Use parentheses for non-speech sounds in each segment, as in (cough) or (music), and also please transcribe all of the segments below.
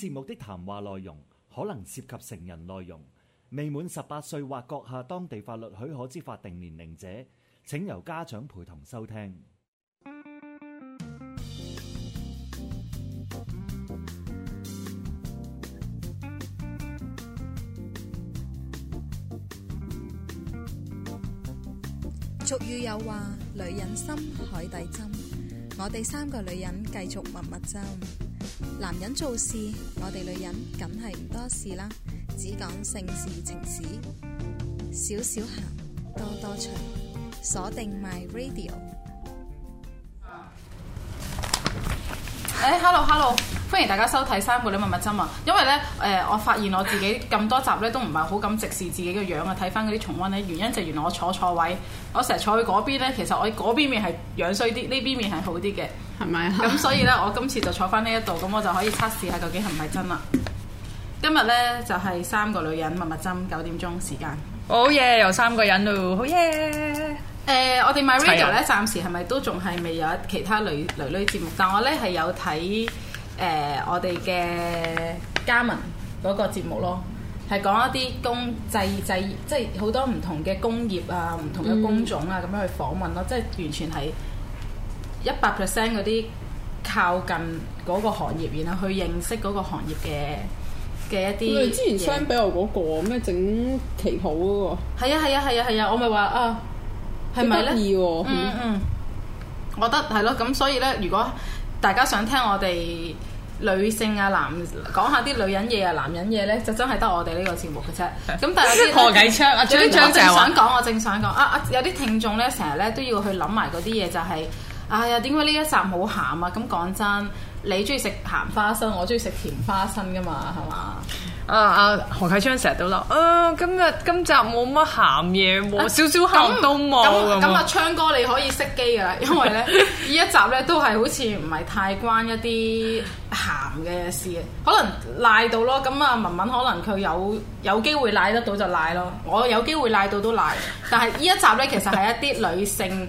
節目的談話內容可能涉及成人內容，未滿十八歲或閣下當地法律許可之法定年齡者，請由家長陪同收聽。俗語有話：女人心，海底針。我哋三個女人繼續蜜蜜針。男人做事，我哋女人梗係唔多事啦，只講性事情史，少少行，多多除，鎖定 My Radio。哎，hello hello。歡迎大家收睇《三個女人蜜蜜針》啊！因為咧，誒、呃，我發現我自己咁多集咧都唔係好敢直視自己嘅樣啊！睇翻嗰啲重溫咧，原因就原來我坐錯位，我成日坐去嗰邊咧，其實我嗰邊面係樣衰啲，呢邊面係好啲嘅，係咪啊？咁、嗯、所以咧，我今次就坐翻呢一度，咁、嗯、我就可以測試下究竟係唔係真啦。今日咧就係、是、三個女人蜜蜜針九點鐘時間。好嘢，又三個人咯，好、oh、耶、yeah. uh,！誒，我哋 My Radio 咧暫時係咪都仲係未有其他女女女節目？但我咧係有睇。誒、呃，我哋嘅加盟嗰個節目咯，係講一啲工製製即係好多唔同嘅工業啊，唔同嘅工種啊，咁樣去訪問咯，即係完全係一百 percent 嗰啲靠近嗰個行業，然後去認識嗰個行業嘅嘅一啲、嗯嗯嗯。我哋之前 send 俾我嗰個咩整旗袍嗰個。係啊係啊係啊係啊，我咪話啊，係咪咧？嗯嗯，我覺得係咯，咁所以咧，如果大家想聽我哋。女性啊男，講下啲女人嘢啊男人嘢咧，就真係得我哋呢個節目嘅啫。咁 (laughs) 但係，即係破鬼窗啊，張就係正想講，我正想講啊 (music) 啊！有啲聽眾咧，成日咧都要去諗埋嗰啲嘢，就係、是、哎呀點解呢一集好鹹啊？咁講真，你中意食鹹花生，我中意食甜花生噶嘛，係嘛？ (music) 啊啊何啟昌成日都嬲啊！今日今集冇乜鹹嘢喎，啊、少少鹹都冇咁啊！昌、啊、哥，你可以熄機噶啦，因為咧呢 (laughs) 一集咧都係好似唔係太關一啲鹹嘅事，可能賴到咯。咁啊雯雯可能佢有有機會賴得到就賴咯，我有機會賴到都賴。但係呢一集咧其實係一啲女性。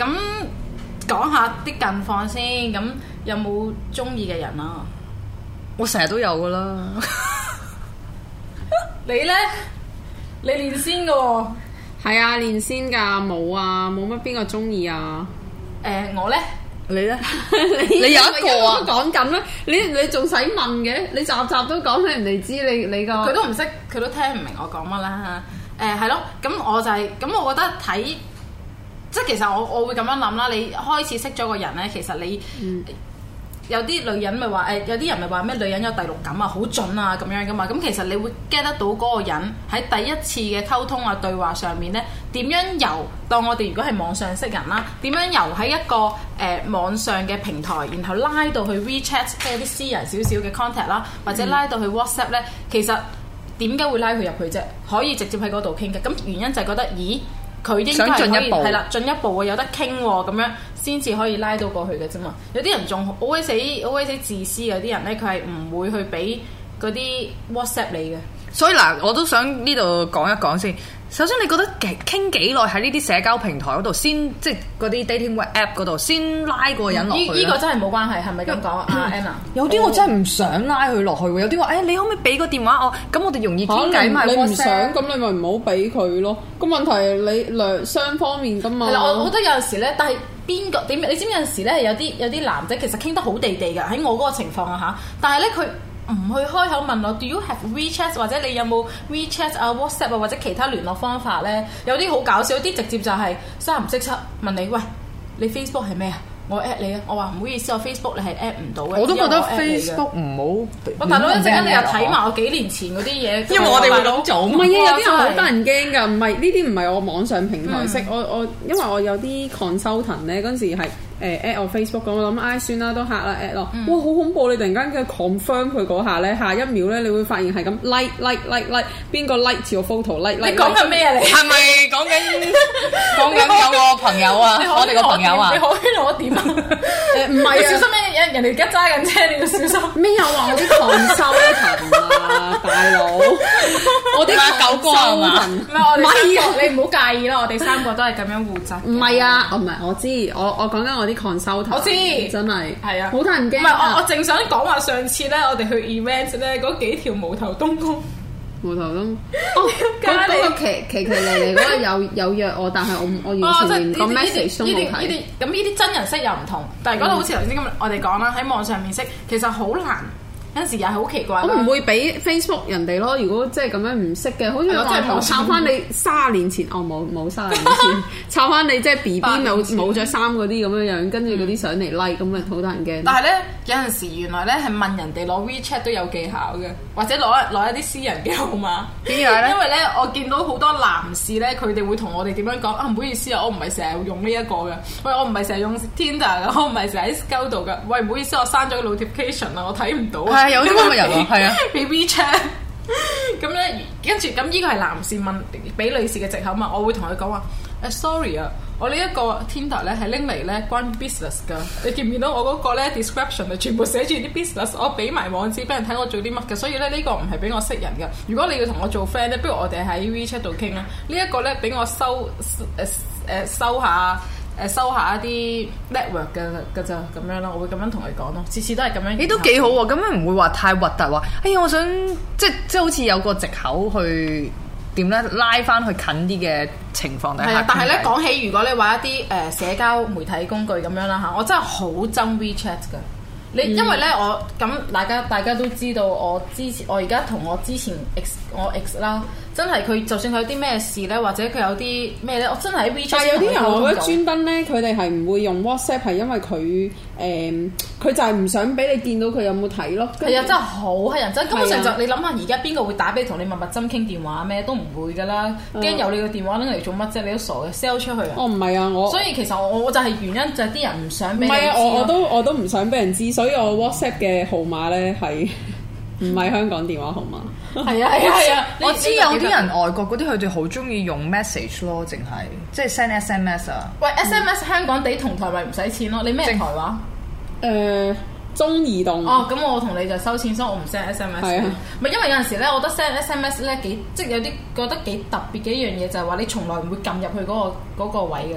咁講下啲近況先，咁有冇中意嘅人啊？我成日都有噶啦。你咧？你練先噶？係啊，練先噶，冇啊，冇乜邊個中意啊？誒，我咧？你咧？你有一個啊？講緊咩？你你仲使問嘅？你集集都講俾人哋知，你你個佢都唔識，佢都聽唔明我講乜啦。誒，係咯，咁我就係咁，我覺得睇。即係其實我我會咁樣諗啦，你開始識咗個人咧，其實你、嗯、有啲女人咪話誒，有啲人咪話咩女人有第六感啊，好準啊咁樣噶嘛，咁、嗯、其實你會 get 得到嗰個人喺第一次嘅溝通啊對話上面咧，點樣由當我哋如果係網上識人啦，點樣由喺一個誒、呃、網上嘅平台，然後拉到去 WeChat 即係啲私人少少嘅 contact 啦，或者拉到去 WhatsApp 咧，其實點解會拉佢入去啫？可以直接喺嗰度傾嘅，咁原因就係覺得咦？佢應該進一步，係啦，進一步會有得傾喎，咁樣先至可以拉到過去嘅啫嘛。有啲人仲好鬼死，好鬼死自私啊！有啲人咧，佢係唔會去俾嗰啲 WhatsApp 你嘅。所以嗱，我都想呢度講一講先。首先，你覺得傾傾幾耐喺呢啲社交平台嗰度，先即係嗰啲 dating app 嗰度，先拉個人落去、啊？依、嗯這個真係冇關係，係咪咁講啊？Anna，有啲我真係唔想拉佢落去喎。有啲話，哎、欸，你可唔可以俾個電話我？咁我哋容易傾偈，你唔想咁，你咪唔好俾佢咯。咁問題你兩雙方面噶嘛。係啦，我覺得有陣時咧，但係邊個點？你知唔知有陣時咧，有啲有啲男仔其實傾得好地地㗎，喺我嗰個情況啊嚇，但係咧佢。唔去開口問我，Do you have WeChat 或者你有冇 WeChat 啊、WhatsApp 啊或者其他聯絡方法咧？有啲好搞笑，有啲直接就係三唔識七，問你喂，你 Facebook 係咩啊？我 at 你啊！我話唔好意思，我 Facebook 你係 at 唔到嘅。我都覺得 Facebook 唔好。我大佬一陣間你又睇埋我幾年前嗰啲嘢，因為我哋會咁做，唔係啊，有啲人係好得人驚㗎，唔係呢啲唔係我網上平台識，我我因為我有啲 consultant 咧，嗰陣時係。誒我 Facebook 咁，我諗唉算啦，都嚇啦 At 咯，哇好恐怖！你突然間嘅 confirm 佢嗰下咧，下一秒咧，你會發現係咁 like like like like 邊個 like 照 photo like like 你講緊咩啊？你係咪講緊講緊有個朋友啊？我哋個朋友啊？你好驚我點啊？唔係，小心咩？人哋而家揸緊車，你要小心咩？有話我啲防羞啊，大佬，我啲防羞唔咩？我哋三個，你唔好介意啦，我哋三個都係咁樣護仔。唔係啊，我唔係我知，我我講緊我。c o 我知，真係是，係啊，好多人驚，唔係，我我正想講話上次咧，我哋去 event 咧嗰幾條無頭東宮頭冬，無頭東，哦，嗰、 (laughs) 嗰個奇奇奇嚟嚟嗰個有有約我，但係我、 (laughs) 哦、我完全個 message 冇睇，呢啲咁呢啲真人識又唔同，但係嗰個好似頭先咁，我哋講啦，喺網上面識，其實好難。有陣時又係好奇怪。我唔會俾 Facebook 人哋咯。如果即係咁樣唔識嘅，好似、嗯、我真係我抄翻你卅年前，我冇冇卅年前抄翻 (laughs) 你即係 BB 冇冇着衫嗰啲咁樣樣，跟住嗰啲相嚟 like，咁咪好多人驚。嗯、但係咧有陣時原來咧係問人哋攞 WeChat 都有技巧嘅，或者攞攞一啲私人嘅號碼。點解咧？樣呢 (laughs) 因為咧我見到好多男士咧，佢哋會同我哋點樣講啊？唔好意思啊，我唔係成日用呢一個嘅。喂，我唔係成日用 Tinder 噶，我唔係成日喺 Skout 度噶。喂，唔好意思，我刪咗個 Notification 啊，我睇唔到啊。 (laughs) 係 (laughs) 有啲咁嘅人咯，係啊 (laughs) 微帳，俾 (laughs) WeChat、嗯。咁咧，跟住咁呢個係男士問，俾女士嘅藉口嘛。我會同佢講話：誒，sorry 啊，我呢一個 Tinder 咧係拎嚟咧關於 business 噶。你見唔見到我嗰個咧 description 啊？全部寫住啲 business 我。我俾埋網址俾人睇，我做啲乜嘅。所以咧呢個唔係俾我識人噶。如果你要同我做 friend 咧，不如我哋喺 WeChat 度傾啊。呢、這、一個咧俾我收，誒誒收，收下。誒收下一啲 network 嘅嘅就咁樣咯，我會咁樣同佢講咯，次次都係咁樣。誒都幾好喎，啊，咁樣唔會話太核突話。哎呀、欸，我想即即好似有個藉口去點咧拉翻去近啲嘅情況底下。係啊，但係咧講起如果你話一啲誒、呃、社交媒體工具咁樣啦嚇，我真係好憎 WeChat 㗎。你因為咧我咁大家大家都知道我之前我而家同我之前 ex 我 ex 啦。真係佢，就算佢有啲咩事咧，或者佢有啲咩咧，我真係喺 WeChat 度。但係有啲人，我覺得專登咧，佢哋係唔會用 WhatsApp，係因為佢誒，佢、呃、就係唔想俾你見到佢有冇睇咯。係啊，真係好乞人憎。根本上就是、是的 你諗下，而家邊個會打俾同你，你蜜蜜針傾電話咩？都唔會㗎啦，驚有你個電話拎嚟做乜啫？你都傻嘅，sell 出去、哦、啊！我唔係啊，我所以其實我我就係原因就係、是、啲人唔想。唔係啊，我我，我都我都唔想俾人知，所以我 WhatsApp 嘅號碼咧係唔係香港電話號碼。 (laughs) 係啊係啊， (laughs) 啊。我知有啲人外國嗰啲佢哋好中意用 message 咯，淨係即係 send S M S 啊。喂，SMS、嗯、SMS 香港地同台咪唔使錢咯？你咩台話？誒、呃、中移動哦，咁我同你就收錢，所以我唔 send S M S。係啊，唔係因為有陣時咧，我覺得 send S M S 咧幾即係有啲覺得幾特別嘅一樣嘢，就係話你從來唔會撳入去嗰個嗰個位嘅。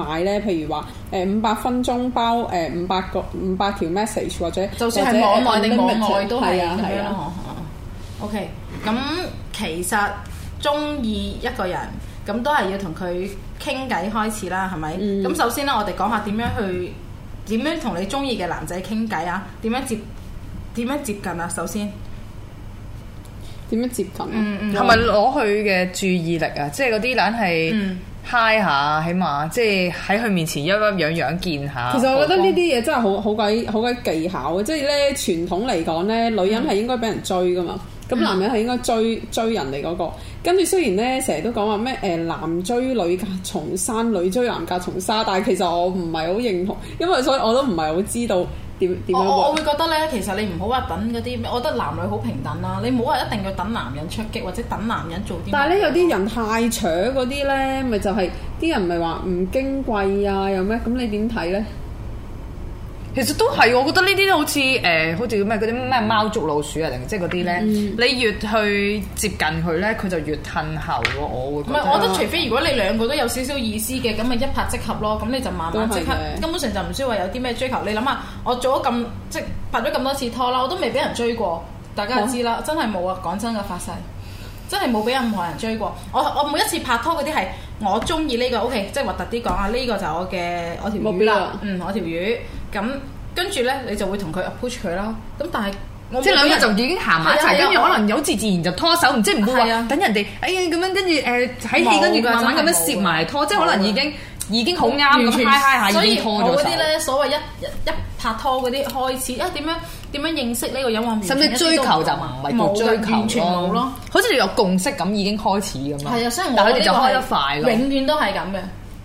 買咧，譬如話誒五百分鐘包誒五百個五百條 message 或者，就算係網內定網外都係啊，係啊，OK。咁其實中意一個人咁都係要同佢傾偈開始啦，係咪？咁首先咧，我哋講下點樣去點樣同你中意嘅男仔傾偈啊？點樣接點樣接近啊？首先，點樣接近、啊嗯？嗯嗯，係咪攞佢嘅注意力啊？即係嗰啲男係。嗯嗨下，起碼即係喺佢面前一忽樣樣見下。其實我覺得呢啲嘢真係好光好鬼好鬼技巧，即係咧，傳統嚟講咧，女人係應該俾人追㗎嘛，咁、嗯、男人係應該追追人哋嗰、那個。跟住雖然咧成日都講話咩誒男追女隔重山，女追男隔重紗，但係其實我唔係好認同，因為所以我都唔係好知道。我、哦、我會覺得咧，其實你唔好話等嗰啲，我覺得男女好平等啦。你冇話一定要等男人出擊或者等男人做啲。但係咧，有啲人太扯嗰啲咧，咪就係、是、啲人咪話唔矜貴啊，又咩？咁你點睇咧？其實都係，我覺得呢啲都好似誒、欸，好似咩嗰啲咩貓捉老鼠啊，定即係嗰啲咧。嗯、你越去接近佢咧，佢就越褪後咯。我唔係，我覺得除非如果你兩個都有少少意思嘅，咁咪一拍即合咯。咁你就慢慢即刻，是根本上就唔需要話有啲咩追求。你諗下，我做咗咁即係拍咗咁多次拖啦，我都未俾人追過。大家就知啦，真係冇啊！講真嘅發誓，真係冇俾任何人追過。我我每一次拍拖嗰啲係我中意呢個，OK，即係核突啲講啊。呢、這個就係我嘅我條目標啦，嗯，我條魚。嗯咁跟住咧，你就會同佢 approach 佢啦。咁但係即係兩日就已經行埋一齊，跟住可能有自自然就拖手，唔知唔會啊。等人哋哎呀咁樣，跟住誒喺你跟住慢慢咁樣攝埋拖，即係可能已經已經好啱咁 hi hi 下已經拖咗手。所以我嗰啲咧所謂一一拍拖嗰啲開始啊，點樣點樣認識呢個飲話面？甚至追求就唔係叫追求咯，完全冇咯。好似你有共識咁已經開始咁啊。係啊，所以我哋就開得快咯。永遠都係咁嘅。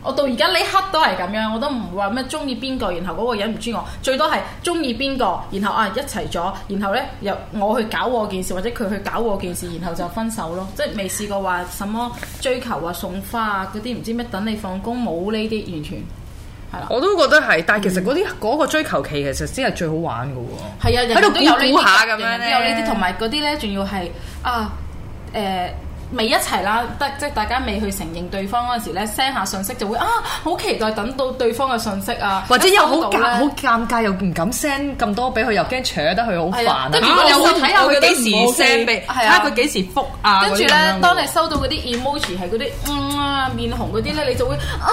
我到而家呢刻都係咁樣，我都唔話咩中意邊個，然後嗰個人唔追我，最多係中意邊個，然後啊一齊咗，然後呢，又我去搞我件事，或者佢去搞我件事，然後就分手咯。即係未試過話什麼追求啊、送花啊嗰啲，唔知咩，等你放工冇呢啲，完全係啦。我都覺得係，但係其實嗰啲嗰個追求期其實先係最好玩㗎喎。係啊，喺度估估下有呢啲，同埋嗰啲呢，仲要係啊誒。未一齊啦，得即係大家未去承認對方嗰陣時咧，send 下信息就會啊，好期待等到對方嘅信息啊，或者又好尷好尷尬又唔敢 send 咁多俾佢，又驚扯得佢好煩啊。又會睇下佢幾時 send，睇下佢幾時覆啊。跟住咧，當你收到嗰啲 emoji 係嗰啲啊面紅嗰啲咧，你就會啊，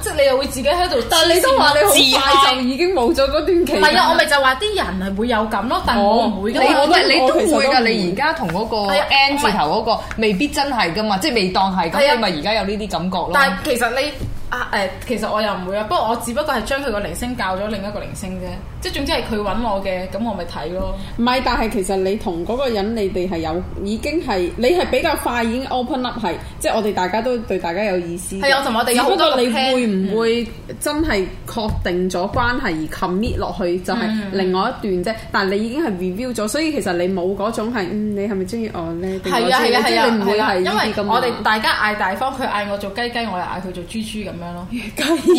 即係你又會自己喺度。但係你都話你好快就已經冇咗嗰段期。係啊，我咪就話啲人係會有咁咯，但係我唔會㗎。你我都會㗎，你而家同嗰個 N 字頭嗰個未必。真係㗎嘛，即係未當係咁，的你咪而家有呢啲感覺咯。但係其實你。啊誒，其實我又唔會啊，不過我只不過係將佢個鈴聲教咗另一個鈴聲啫，即係總之係佢揾我嘅，咁我咪睇咯。唔係，但係其實你同嗰個人，你哋係有已經係你係比較快已經 open up 係，即係我哋大家都對大家有意思。係啊，我同我哋有好多你會唔會真係確定咗關係而、嗯、commit 落去就係另外一段啫？嗯、但係你已經係 review 咗，所以其實你冇嗰種係，嗯，你係咪中意我呢？係啊係啊係啊，唔會係因為這這我哋大家嗌大方，佢嗌我做雞雞，我又嗌佢做豬豬咁。而家而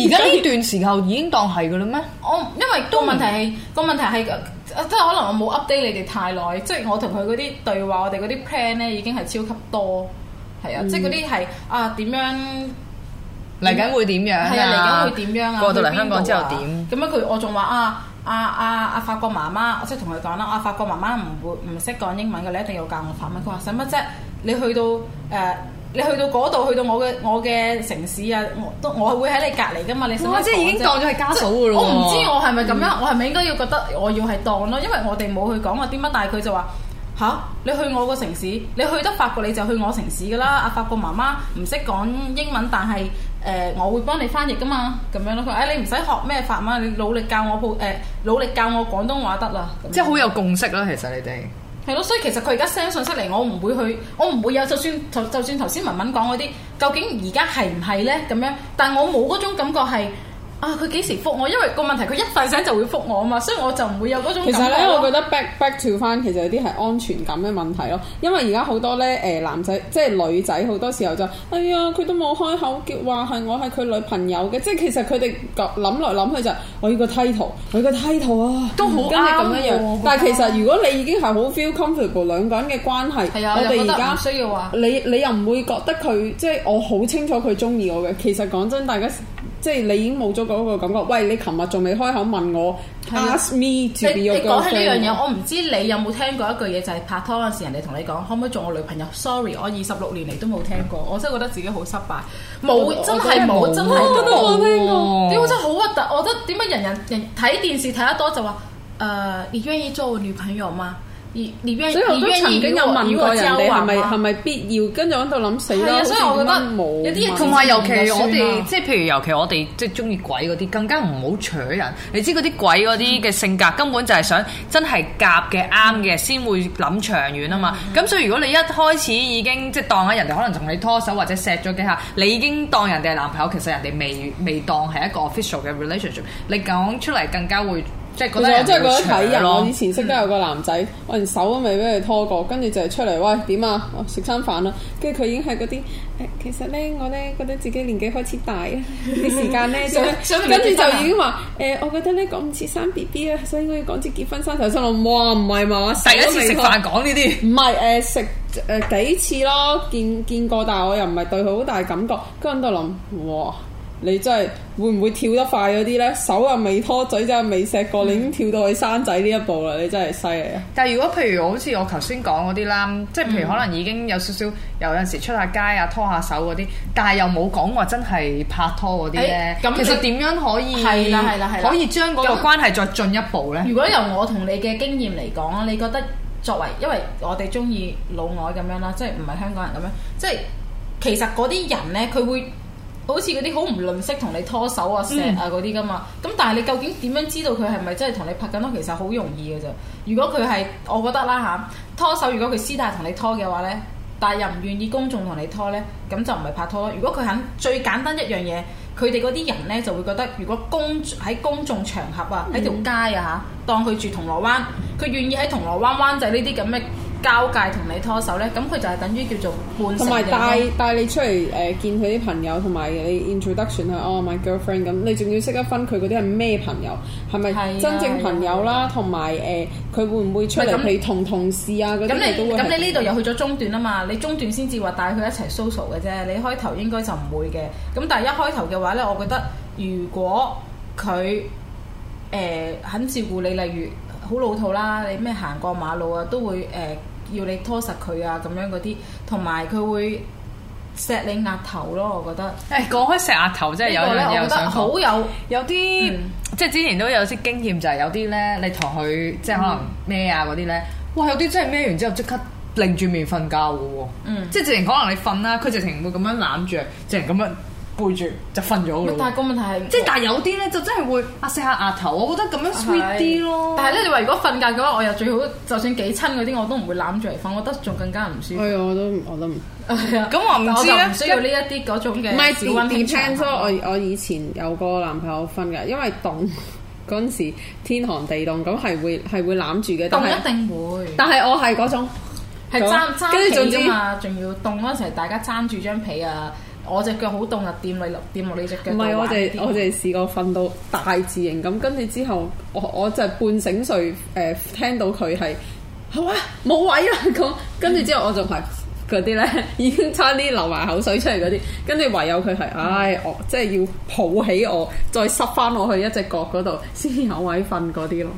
家呢段時候已經當係㗎喇咩？我 (laughs) 因為都問題係個、嗯、問題係，即係可能我冇 update 你哋太耐，即係我同佢嗰啲對話，我哋嗰啲 plan 咧已經係超級多，係啊，嗯、即係嗰啲係啊點樣嚟緊會點樣？係啊，嚟緊會點樣，過會樣啊？到嚟香港之後點？咁樣佢我仲話啊啊啊阿法國媽媽，即係同佢講啦，阿法國媽媽唔會唔識講英文嘅，你一定要教我法文。」佢話使乜啫？你去到誒。呃你去到嗰度，去到我嘅我嘅城市啊，我都我係會喺你隔離噶嘛，你即係已經當咗係家嫂噶咯。我唔知我係咪咁樣，嗯、我係咪應該要覺得我要係當咯，因為我哋冇去講話啲乜，但係佢就話吓，你去我個城市，你去得法國你就去我城市噶啦。阿法國媽媽唔識講英文，但係誒、呃、我會幫你翻譯噶嘛，咁樣咯。佢話誒、哎、你唔使學咩法文，你努力教我普努，努力教我廣東話得啦。即係好有共識啦，其實你哋。係咯，所以其實佢而家 send 信息嚟，我唔會去，我唔會有，就算就就算頭先文文講嗰啲，究竟而家係唔係咧咁樣？但我冇嗰種感覺係。啊！佢幾時覆我？因為個問題佢一瞓醒就會覆我啊嘛，所以我就唔會有嗰種感覺。其實咧，我覺得 back back to 翻其實有啲係安全感嘅問題咯。因為而家好多咧誒男仔，即係女仔好多時候就哎呀，佢都冇開口叫話係我係佢女朋友嘅。即係其實佢哋諗來諗去就我要個 title，我要個 title 啊，都好啱。咁樣樣，但係其實如果你已經係好 feel comfortable，兩個人嘅關係，啊、我哋而家需要話你你又唔會覺得佢即係我好清楚佢中意我嘅。其實講真，大家。即係你已經冇咗嗰個感覺，喂！你琴日仲未開口問我的，ask me to be 你你講起呢樣嘢，嗯、我唔知你有冇聽過一句嘢，就係、是、拍拖嗰時人哋同你講可唔可以做我女朋友？Sorry，我二十六年嚟都冇聽過，我真係覺得自己好失敗，冇真係冇真係冇，點解真係好核突！我覺得點解人人人睇電視睇得多就話，誒、呃，你願意做我女朋友嗎？而而然，而已經有問過人哋係咪係咪必要，跟住喺度諗死啦。所以，我覺得冇。有啲嘢，同埋尤其我哋，即係譬如尤其我哋即係中意鬼嗰啲，更加唔好扯人。你知嗰啲鬼嗰啲嘅性格，根本就係想真係夾嘅啱嘅先會諗長遠啊嘛。咁所以如果你一開始已經即係當咗人哋可能同你拖手或者錫咗幾下，你已經當人哋係男朋友，其實人哋未未當係一個 official 嘅 relationship，你講出嚟更加會。我真係覺得睇人，我以前識得有個男仔，我連、嗯、手都未俾佢拖過，跟住就係出嚟喂，點啊食餐、啊、飯啦。跟住佢已經係嗰啲誒，其實咧我咧覺得自己年紀開始大啊，啲 (laughs) 時間咧就跟住就已經話誒、 (laughs) 呃，我覺得咧講唔似生 B B 啊，所以我要講次結婚生仔先咯。哇，唔係嘛，第一次食飯講呢啲，唔係誒食誒幾次咯，見見過，但係我又唔係對佢好大感覺，跟住都諗哇。哇你真係會唔會跳得快嗰啲呢？手又未拖嘴，嘴真係未錫過，嗯、你已經跳到去生仔呢一步啦！你真係犀利啊！但係如果譬如好似我頭先講嗰啲啦，嗯、即係譬如可能已經有少少有有陣時出下街啊，拖下手嗰啲，但係又冇講話真係拍拖嗰啲呢，咁其實點樣可以係啦係啦係可以將嗰個關係再進一步呢？如果由我同你嘅經驗嚟講，你覺得作為，因為我哋中意老外咁樣啦，即係唔係香港人咁樣，即係其實嗰啲人呢，佢會。好似嗰啲好唔吝嗇同你拖手啊、錫啊嗰啲噶嘛，咁、嗯、但係你究竟點樣知道佢係咪真係同你拍緊拖？其實好容易嘅啫。如果佢係，嗯、我覺得啦嚇，拖手如果佢私底下同你拖嘅話呢，但係又唔願意公眾同你拖呢，咁就唔係拍拖。如果佢肯，最簡單一樣嘢，佢哋嗰啲人呢就會覺得，如果公喺公眾場合啊，喺條街啊嚇，嗯、當佢住銅鑼灣，佢願意喺銅鑼灣灣仔呢啲咁嘅交界同你拖手呢，咁佢就係等於叫做伴生同埋帶帶你出嚟誒、呃、見佢啲朋友，同埋你 introduction 佢哦 my girlfriend 咁、嗯，你仲要識得分佢嗰啲係咩朋友，係咪、啊、真正朋友啦？同埋誒佢會唔會出嚟是同同事啊，嗰咁你呢度又去咗中段啊嘛？你中段先至話帶佢一齊 social 嘅啫。你開頭應該就唔會嘅。咁但係一開頭嘅話呢，我覺得如果佢誒肯照顧你，例如好老土啦，你咩行過馬路啊都會誒。呃要你拖實佢啊，咁樣嗰啲，同埋佢會錫你額頭咯，我覺得。誒，講開錫額頭真係有人有上好有有啲些，嗯、即係之前都有啲經驗，就係、是、有啲咧，你同佢即係可能咩啊嗰啲咧，嗯、哇有啲真係咩完之後刻、嗯、即刻擰住面瞓覺嘅喎。嗯，即係直情可能你瞓啦，佢直情會咁樣攬住，直情咁樣。背住就瞓咗但係個問題係，即係但係有啲咧就真係會壓曬下額頭。我覺得咁樣 sweet 啲咯。但係咧，你話如果瞓覺嘅話，我又最好就算幾親嗰啲，我都唔會攬住嚟瞓。我覺得仲更加唔舒服。哎呀，我都我都唔。咁我唔。知就唔需要呢一啲嗰種嘅。唔係自變枕，我我以前有個男朋友瞓㗎，因為凍嗰陣時天寒地凍，咁係會係會攬住嘅。凍一定會。但係我係嗰種係攤攤被㗎嘛。仲要凍嗰陣時大家攤住張被啊。我，啊、我，我隻腳好凍啊！掂你掂我呢隻腳。唔係，我哋我哋試過瞓到大字型咁，跟住之後我，我我就半醒睡，誒、呃、聽到佢係好啊，冇位啦咁。跟住之後我，我就係嗰啲咧，已經差啲流埋口水出嚟嗰啲。跟住唯有佢係，唉、哎，我即係要抱起我，再塞翻落去一隻角嗰度先有位瞓嗰啲咯。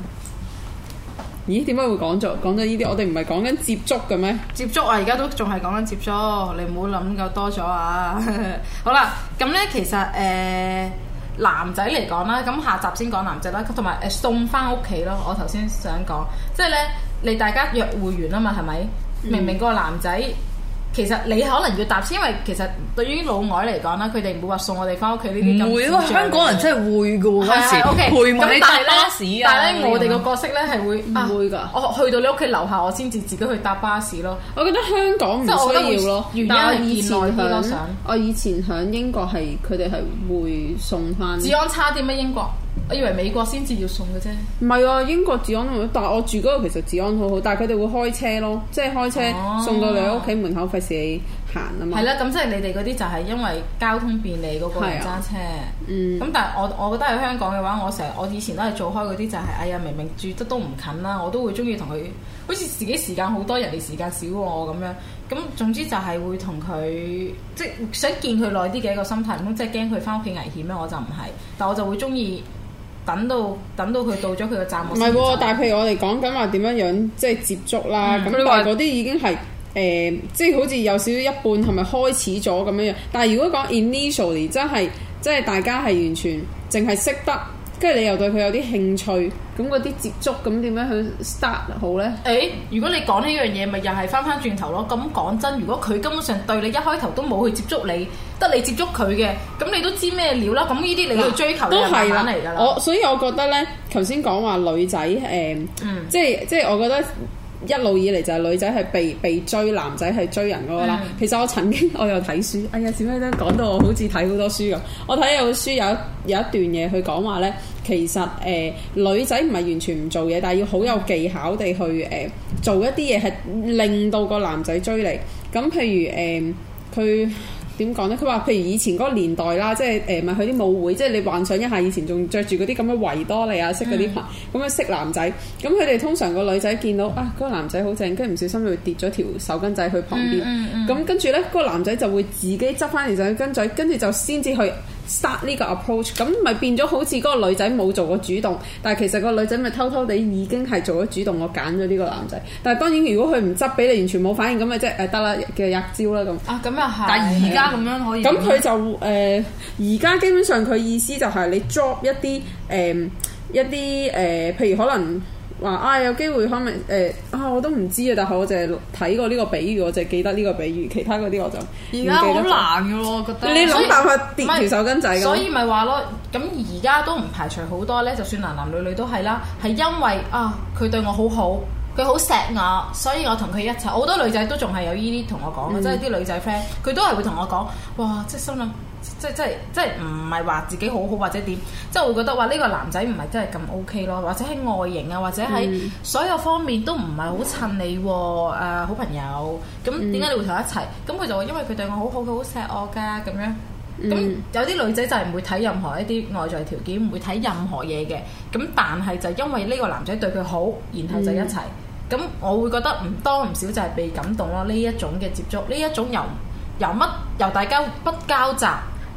咦？點解會講咗講咗呢啲？我哋唔係講緊接觸嘅咩？接觸啊！而家都仲係講緊接觸，你唔好諗夠多咗啊！ (laughs) 好啦，咁呢其實誒、呃、男仔嚟講啦，咁下集先講男仔啦，同埋誒、送翻屋企咯。我頭先想講，即係呢，你大家約會完啊嘛，係咪？嗯、明明個男仔。其實你可能要搭，因為其實對於老外嚟講啦，佢哋唔會話送我哋翻屋企呢啲咁。唔會、啊，香港人真係會㗎喎。係，OK。咁你搭巴士啊？但係咧，我哋個角色咧係會唔會㗎？我去到你屋企樓下，我先至自己去搭巴士咯。我覺得香港唔需要咯。原因係以前響，但我以前響英國係佢哋係會送翻。治安差啲咩英國？我以為美國先至要送嘅啫，唔係啊！英國治安，但係我住嗰度其實治安好好，但係佢哋會開車咯，即係開車、啊、送到你屋企門口費事你行啊嘛。係啦、啊，咁即係你哋嗰啲就係因為交通便利嗰個人揸車，咁、啊嗯、但係我我覺得喺香港嘅話，我成日我以前都係做開嗰啲就係、是、哎呀明明住得都唔近啦，我都會中意同佢，好似自己時間好多，人哋時間少我、哦、咁樣。咁總之就係會同佢即係想見佢耐啲嘅一個心態咯，即係驚佢返屋企危險咧，我就唔係，但我就會中意。等到等到佢到咗佢嘅站唔係喎，但係譬如我哋講緊話點樣樣，即係接觸啦。咁你話嗰啲已經係誒、呃，即係好似有少少一半係咪開始咗咁樣樣。但係如果講 initially 真係即係大家係完全淨係識得。跟住你又對佢有啲興趣，咁嗰啲接觸，咁點樣去 start 好呢？誒、欸，如果你講呢樣嘢，咪又係翻翻轉頭咯。咁講真，如果佢根本上對你一開頭都冇去接觸你，得你接觸佢嘅，咁你都知咩料啦。咁呢啲你去追求又難嚟㗎啦。所以我覺得呢，頭先講話女仔誒、呃嗯，即係即係我覺得。一路以嚟就係女仔係被被追，男仔係追人嗰個啦。 (noise) 其實我曾經我又睇書，哎呀，小妹咧講到我好似睇好多書咁。我睇有個書有一有一段嘢佢講話咧，其實誒、呃、女仔唔係完全唔做嘢，但係要好有技巧地去誒、呃、做一啲嘢，係令到個男仔追你。咁譬如誒佢，呃點講呢？佢話譬如以前嗰個年代啦，即係誒，咪去啲舞會，即係你幻想一下以前仲着住嗰啲咁嘅維多利亞式嗰啲裙，咁樣識男仔。咁佢哋通常個女仔見到啊，嗰個男仔好正，跟住唔小心會跌咗條手巾仔去旁邊。咁跟住呢，嗰個男仔就會自己執翻條手巾仔，跟住就先至去。s 呢個 approach 咁咪變咗好似嗰個女仔冇做過主動，但係其實個女仔咪偷偷地已經係做咗主動，我揀咗呢個男仔。但係當然，如果佢唔執俾你，完全冇反應咁咪即係誒得啦嘅入招啦咁。啊，咁又係。但係而家咁樣可以樣。咁佢就誒，而、呃、家基本上佢意思就係你 drop 一啲誒、呃、一啲誒、呃，譬如可能。話啊有機會可能誒、欸、啊我都唔知啊，但係我就係睇過呢個比喻，我就記得呢個比喻，其他嗰啲我就而家好難㗎喎，覺得你諗辦法跌條手巾仔咁是，樣所以咪話咯，咁而家都唔排除好多呢，就算男男女女都係啦，係因為啊佢對我好好，佢好錫我，所以我同佢一齊。好多女仔都仲係有依啲同我講嘅、嗯，即係啲女仔 friend，佢都係會同我講，哇即係心諗。即即即唔係話自己好好或者點，即我會覺得話呢、這個男仔唔係真係咁 O K 咯，或者喺外形啊，或者喺所有方面都唔係好襯你喎、啊嗯啊，好朋友，咁點解你會同佢一齊？咁佢、嗯、就話因為佢對我好好，佢好錫我㗎咁樣。咁、嗯、有啲女仔就係唔會睇任何一啲外在條件，唔會睇任何嘢嘅。咁但係就因為呢個男仔對佢好，然後就一齊。咁、嗯、我會覺得唔多唔少就係被感動咯。呢一種嘅接觸，呢一種又。由乜由大家不交集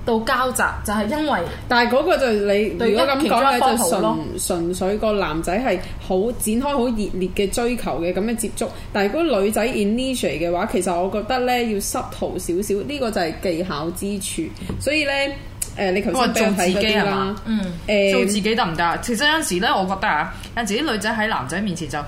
到交集，就係、是、因為，但係嗰個就你如果咁講咧，就純純粹個男仔係好展開好熱烈嘅追求嘅咁嘅接觸，但係如果女仔 initial 嘅話，其實我覺得咧要濕圖少少，呢、這個就係技巧之處，所以咧。誒、嗯、你我做自己係嘛？嗯，做自己得唔得啊？嗯、其實有陣時咧，我覺得嚇，有陣時啲女仔喺男仔面前就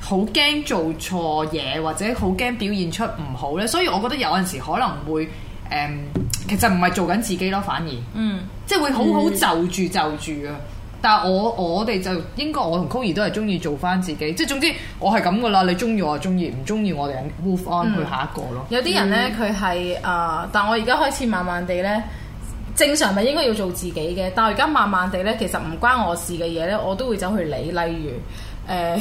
好驚做錯嘢，或者好驚表現出唔好咧。所以我覺得有陣時可能會誒、嗯，其實唔係做緊自己咯，反而嗯，即係會好好就住就住啊。嗯、但係我我哋就應該我同溝兒都係中意做翻自己，即係總之我係咁噶啦。你中意我就中意，唔中意我哋 move on 佢、嗯、下一個咯。有啲人咧，佢係誒，但我而家開始慢慢地咧。正常咪應該要做自己嘅，但係而家慢慢地咧，其實唔關我事嘅嘢咧，我都會走去理。例如，誒、呃，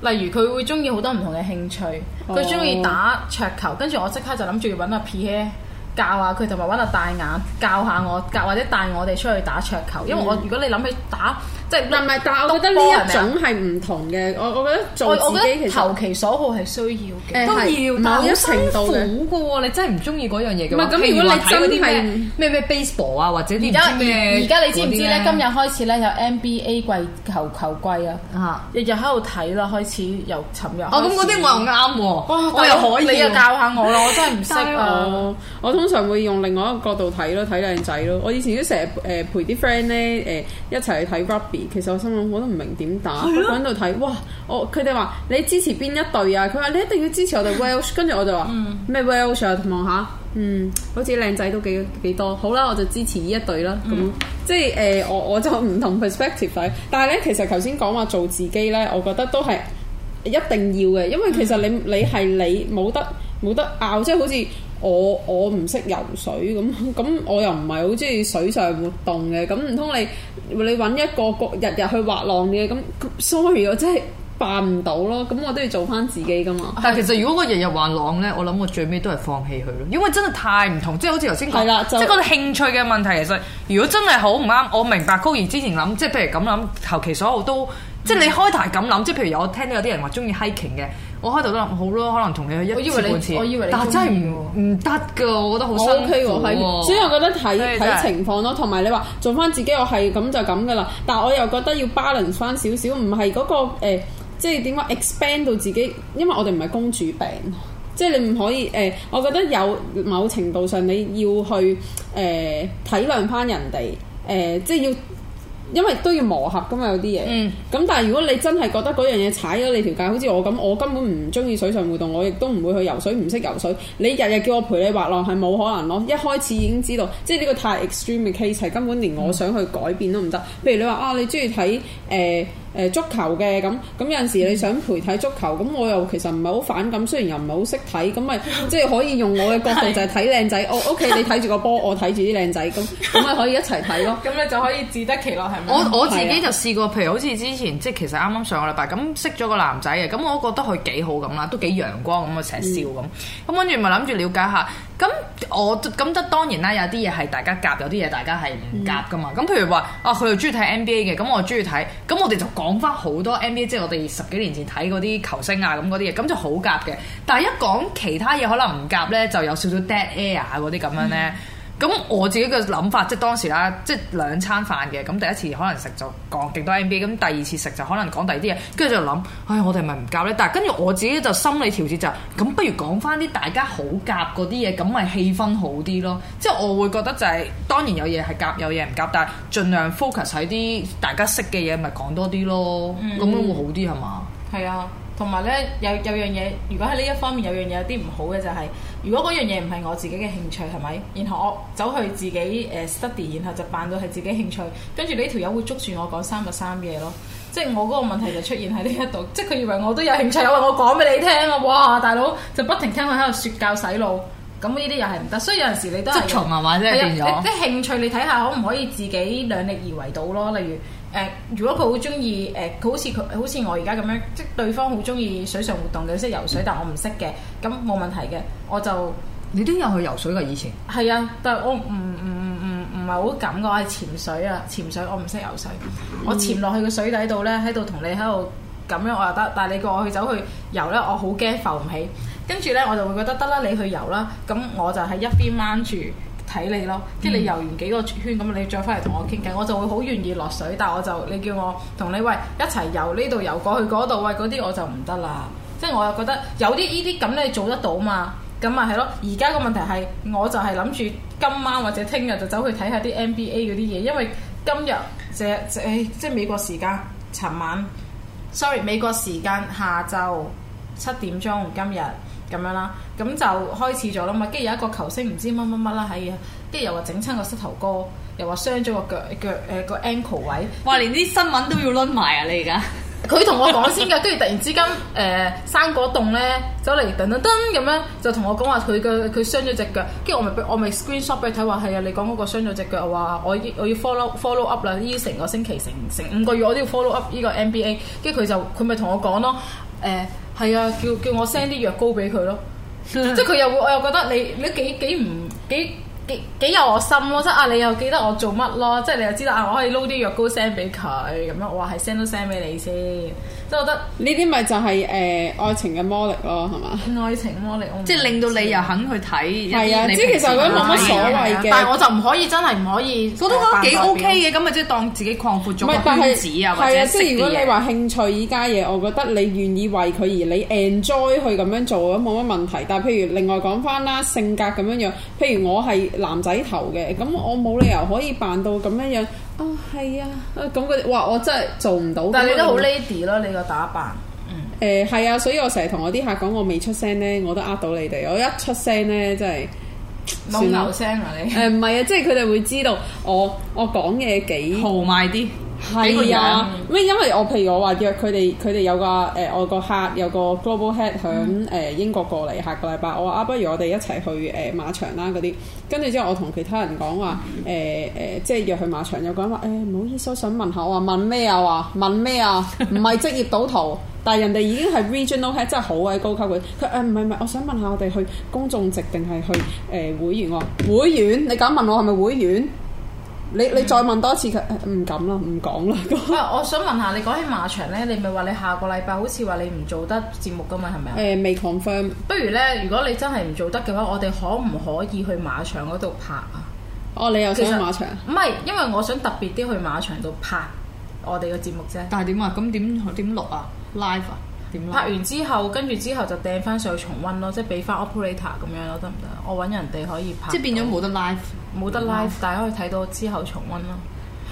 例如佢會中意好多唔同嘅興趣，佢中意打桌球，跟住我即刻就諗住要揾阿 Pierre 教下佢，同埋揾阿大眼教下我，教或者帶我哋出去打桌球，因為我、mm. 如果你諗起打。即係嗱，咪但係我覺得呢一種係唔同嘅，我我覺得做自己其實投其所好係需要嘅，都要某程度好苦嘅喎，你真係唔中意嗰樣嘢嘅咁。如果你睇啲咩咩咩 baseball 啊，或者啲咩而家你知唔知咧？今日開始咧有 NBA 季球球季啊，日日喺度睇啦，開始由尋日。哦，咁嗰啲我又啱喎，我又可以，你教下我啦，我真係唔識。我通常會用另外一個角度睇咯，睇靚仔咯。我以前都成日誒陪啲 friend 咧誒一齊睇其實我心諗我都唔明點打，我喺度睇，哇！我佢哋話，你支持邊一隊啊？佢話，你一定要支持我哋 Welsh，跟住我就話咩 Welsh 啊？望下，嗯，好似靚仔都幾幾多。好啦，我就支持呢一隊啦。咁、嗯、即係誒、呃，我我就唔同 perspective 睇，但係咧，其實頭先講話做自己咧，我覺得都係一定要嘅，因為其實你你係你，冇得冇得拗，即係好似我我唔識游水咁，咁我又唔係好中意水上活動嘅，咁唔通你？你揾一個個日日去滑浪嘅咁，sorry 我真係扮唔到咯，咁我都要做翻自己噶嘛。但係其實如果我日日滑浪咧，我諗我最尾都係放棄佢咯，因為真係太唔同，即係好似頭先講，即係嗰個興趣嘅問題。其實如果真係好唔啱，我明白溝兒之前諗，即係譬如咁諗，求其所有都，即係你開頭係咁諗，即係、嗯、譬如我聽到有啲人話中意 hiking 嘅。我開頭都諗好咯，可能同你去一次半次，我以為你、我以為你，但係真係唔唔得噶，啊、我覺得好辛苦喎、啊啊。所以我覺得睇睇情況咯，同埋真你話做翻自己，我係咁就咁噶啦。但係我又覺得要 balance 翻少少，唔係嗰個、呃、即係點講 expand 到自己，因為我哋唔係公主病，即係你唔可以誒、呃。我覺得有某程度上你要去誒、呃、體諒翻人哋，誒、呃、即係要。因為都要磨合㗎嘛，有啲嘢。咁、嗯、但係如果你真係覺得嗰樣嘢踩咗你條界，好似我咁，我根本唔中意水上活動，我亦都唔會去游水，唔識游水。你日日叫我陪你滑浪係冇可能咯。一開始已經知道，即係呢個太 extreme 嘅 case 係根本連我想去改變都唔得。嗯、譬如你話啊，你中意睇誒。呃誒足球嘅咁，咁有陣時你想陪睇足球咁，我又其實唔係好反感，雖然又唔係好識睇，咁咪即係可以用我嘅角度就係睇靚仔。哦 OK，你睇住個波，我睇住啲靚仔，咁咁咪可以一齊睇咯。咁你 (laughs) 就可以自得其樂係咪？是是我我自己就試過，譬如好似之前即係其實啱啱上個禮拜咁識咗個男仔嘅，咁我覺得佢幾好咁啦，都幾陽光咁啊，成日笑咁。咁跟住咪諗住了解下。咁我咁得當然啦，有啲嘢係大家夾，有啲嘢大家係唔夾噶嘛。咁、嗯、譬如話，啊佢又中意睇 NBA 嘅，咁我中意睇，咁我哋就講翻好多 NBA，即係我哋十幾年前睇嗰啲球星啊咁嗰啲嘢，咁就好夾嘅。但係一講其他嘢可能唔夾咧，就有少少 dead air 嗰啲咁樣咧。咁我自己嘅諗法，即係當時啦，即係兩餐飯嘅，咁第一次可能食就講勁多 NBA，咁第二次食就可能講第二啲嘢，跟住就諗，唉，我哋係咪唔夾咧。但係跟住我自己就心理調節就係、是，咁不如講翻啲大家好夾嗰啲嘢，咁咪氣氛好啲咯。即係我會覺得就係、是，當然有嘢係夾，有嘢唔夾，但係盡量 focus 喺啲大家識嘅嘢，咪講多啲咯，咁樣、嗯、會好啲係嘛？係、嗯、啊，同埋咧有呢有，有，有樣嘢，如果喺呢一方面有樣嘢有啲唔好嘅就係、是。如果嗰樣嘢唔係我自己嘅興趣係咪？然後我走去自己誒 study，然後就扮到係自己興趣，跟住呢條友會捉住我講三日三夜咯。即係我嗰個問題就出現喺呢一度，即係佢以為我都有興趣，我話我講俾你聽啊！哇，大佬就不停聽佢喺度説教洗腦。咁呢啲又係唔得，所以有陣時你都係即從係即興趣，你睇下可唔可以自己量力而為到咯？例如誒、呃，如果佢好中意誒，好似佢好似我而家咁樣，即對方好中意水上活動、嗯、你識游水、啊，但我唔識嘅，咁冇問題嘅，我就你都有去游水噶以前。係啊，但係我唔唔唔唔唔係好敢噶，我係潛水啊，潛水我唔識游水，我、嗯、我潛落去個水底度呢，喺度同你喺度咁樣我又得，但係你叫我去走去游呢，我好驚浮唔起。跟住呢，我就會覺得得啦，你去遊啦，咁我就喺一邊掹住睇你咯。即係你遊完幾個圈，咁你再翻嚟同我傾偈，嗯、我就會好願意落水。但係我就你叫我同你喂，一齊遊呢度遊過去嗰度，喂，嗰啲我就唔得啦。即係我又覺得有啲依啲咁，你做得到嘛，咁咪係咯。而家個問題係，我就係諗住今晚或者聽日就走去睇下啲 NBA 嗰啲嘢，因為今日即即係美國時間尋晚，sorry 美國時間下晝七點鐘，今日。咁樣啦，咁就開始咗啦嘛。跟住有一個球星唔知乜乜乜啦，係、哎、啊，跟住又話整親個膝頭哥，又話傷咗個腳腳誒個 ankle 位。哇！連啲新聞都要攣埋啊！你而家佢同我講先㗎，跟住突然之間誒生、呃、果凍咧走嚟噔噔噔咁樣就同我講話佢嘅佢傷咗隻腳。跟住我咪我咪 screen shot 俾佢睇，話係啊，你講嗰個傷咗隻腳，話我依我要 follow follow up 啦，呢成個星期成成五個月我都要 follow up 呢個 NBA。跟住佢就佢咪同我講咯誒。呃係啊，叫叫我 send 啲藥膏俾佢咯， (laughs) 即係佢又會，我又覺得你你幾幾唔幾。幾幾有我心咯，即係啊！你又記得我做乜咯？即係你又知道啊！我可以撈啲藥膏 send 俾佢咁樣，我係 send 都 send 俾你先。即我覺得呢啲咪就係、是、誒、呃、愛情嘅魔力咯，係嘛？愛情魔力，即係令到你又肯去睇。係啊，即其實我覺得冇乜所謂嘅、啊。但係我就唔可以真係唔可以。可以啊、覺得都幾 OK 嘅，咁咪即係當自己擴闊咗個圈子啊，係是者啊，啊即係如果你話興趣依家嘢，我覺得你願意為佢而你 enjoy 去咁樣做咁冇乜問題。但係譬如另外講翻啦，性格咁樣樣，譬如我係。男仔頭嘅，咁我冇理由可以扮到咁樣樣哦，係啊，咁佢哋，哇！我真係做唔到。但係你都好 lady 咯，你個打扮。誒係、嗯呃、啊，所以我成日同我啲客講，我未出聲咧，我都呃到你哋。我一出聲咧，真係老牛聲啊你、呃！你誒唔係啊，即係佢哋會知道我我講嘢幾豪邁啲。係啊，咩？因為我譬如我話約佢哋，佢哋有個誒外國客有個 global head 響誒、呃、英國過嚟下個禮拜，我話啊，不如我哋一齊去誒、呃、馬場啦嗰啲。跟住之後我同其他人講話誒誒，即係約去馬場。有個人話誒，唔、欸、好意思，我想問下，我話問咩啊？我話問咩啊？唔係職業賭徒， (laughs) 但係人哋已經係 regional head，真係好鬼高級嘅。佢誒唔係唔係，我想問下我哋去公眾席定係去誒、呃、會員喎？會員？你敢問我係咪會員？你你再問多次佢，唔敢啦，唔講啦。唔 (laughs) 我想問下你講起馬場咧，你咪話你下個禮拜好似話你唔做得節目噶嘛，係咪啊？誒、嗯，未 confirm。不如咧，如果你真係唔做得嘅話，我哋可唔可以去馬場嗰度拍啊？哦，你又想去馬場？唔係，因為我想特別啲去馬場度拍我哋嘅節目啫。但係點啊？咁點點錄啊？Live 啊？點拍完之後，跟住之後就掟翻上去重溫咯，即係俾翻 operator 咁樣咯，得唔得？我揾人哋可以拍，即係變咗冇得 live。冇得 live，大家可以睇到之後重溫咯。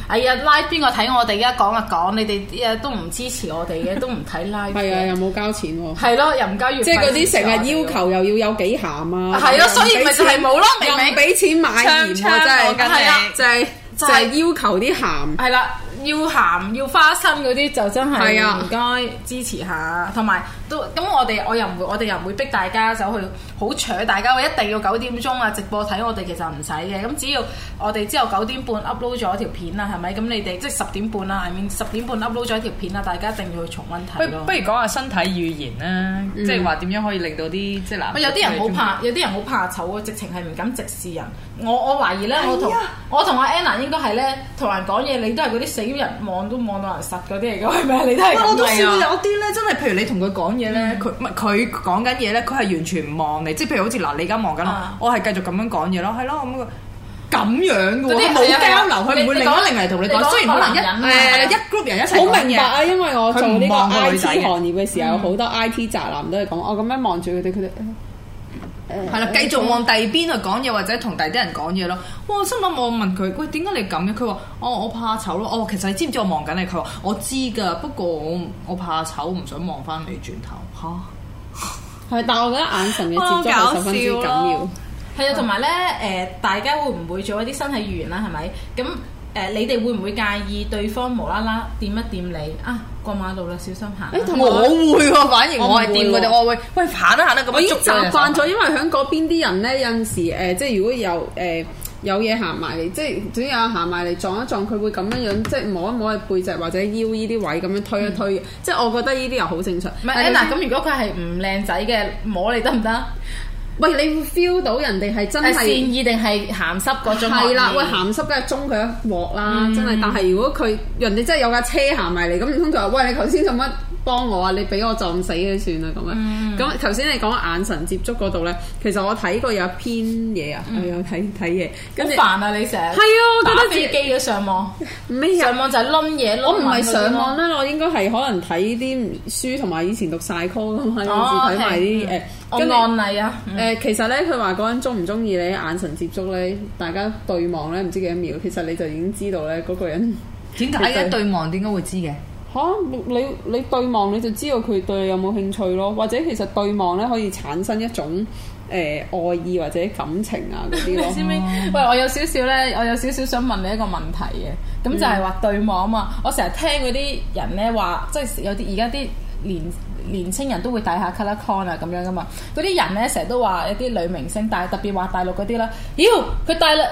哎呀，live 邊個睇我哋而家講啊講，你哋啲都唔支持我哋嘅，都唔睇 live。係啊，又冇交錢喎、啊。係咯、啊，又唔交月費。即係嗰啲成日要求又要有幾鹹啊。係、啊、咯、啊，所以咪就係冇咯，又唔俾錢買鹽槍槍啊，真係。係啊、就是，就係就係要求啲鹹。係啦、啊，要鹹要花生嗰啲就真係唔該支持下，同埋、啊。咁、嗯、我哋我又唔會我哋又唔會逼大家走去好搶大家，一定要九點鐘啊！直播睇我哋其實唔使嘅，咁只要我哋之後九點半 upload 咗條片啦，係咪？咁你哋即係十點半啦，十 I mean, 點半 upload 咗條片啦，大家一定要去重温睇咯。不，不如講下身體語言啦，即係話點樣可以令到啲即係嗱、嗯，有啲人好怕，歡有啲人好怕醜，直情係唔敢直視人。我我懷疑咧，呀我同我同阿 Anna 應該係咧同人講嘢，你都係嗰啲死人望都望到人實嗰啲嚟㗎，係咪？你都係、啊。我我都試過有啲咧，真係譬如你同佢講嘢。佢唔係佢講緊嘢咧，佢係、嗯、完全唔望你，即係譬如好似嗱，你而家望緊啦，我係繼續咁樣講嘢咯，係咯、嗯，咁樣喎，冇交流，佢唔、啊啊、會另另外嚟同你講，雖然可能一誒、啊啊、一 group 人一齊，好明白啊，因為我做呢個 IT 行業嘅時候，好多 IT 宅男都係講，我咁樣望住佢哋，佢哋。係啦，繼續往第二邊去講嘢，或者同第啲人講嘢咯。哇！心諗我問佢，喂，點解你咁嘅？佢話：哦，我怕醜咯。哦，其實你知唔知我望緊你？佢話：我知噶，不過我我怕醜，唔想望翻你轉頭吓？係，但係我覺得眼神嘅接觸係十分之緊要。係啊，同埋咧，誒，大家會唔會做一啲身體語言啦？係咪？咁誒，你哋會唔會介意對方無啦啦掂一掂你啊？過馬路啦，小心行！我會喎，反而我係掂佢哋。我會喂行啦行得咁，我已經習慣咗，因為喺嗰邊啲人咧有陣時誒、呃，即係如果有誒、呃、有嘢行埋嚟，即係總之有行埋嚟撞一撞，佢會咁樣樣，即係摸一摸你背脊或者腰依啲位咁樣推一推，嗯、即係我覺得呢啲又好正常。唔係，Anna，咁如果佢係唔靚仔嘅，摸你得唔得？喂，你會 feel 到人哋係真係善意定係鹹濕嗰種？係啦，喂，鹹濕梗係中佢一鑊啦，嗯、真係。但係如果佢人哋真係有架車行埋嚟，咁唔通就話：喂，你頭先做乜？幫我啊！你俾我撞死佢算啦咁樣！咁頭先你講眼神接觸嗰度咧，其實我睇過有一篇嘢啊，我有睇睇嘢。咁煩啊！你成日，係啊，我覺得自己嘅上網咩啊？上網就係冧嘢，我唔係上網啦，我應該係可能睇啲書同埋以前讀晒 psycho 啊，睇埋啲誒案例啊。誒，其實咧佢話嗰人中唔中意你眼神接觸咧，大家對望咧唔知幾多秒，其實你就已經知道咧嗰個人，點解喺對望，點解會知嘅？嚇、啊！你你對望你就知道佢對你有冇興趣咯，或者其實對望咧可以產生一種誒、呃、愛意或者感情啊嗰啲咯 (laughs) 知唔知？嗯、喂，我有少少咧，我有少少想問你一個問題嘅，咁就係話對望啊嘛。我成日聽嗰啲人咧話，即係有啲而家啲年年青人都會戴下 color con 啊咁樣噶嘛。嗰啲人咧成日都話有啲女明星，但係特別話大陸嗰啲啦，妖佢戴嘞。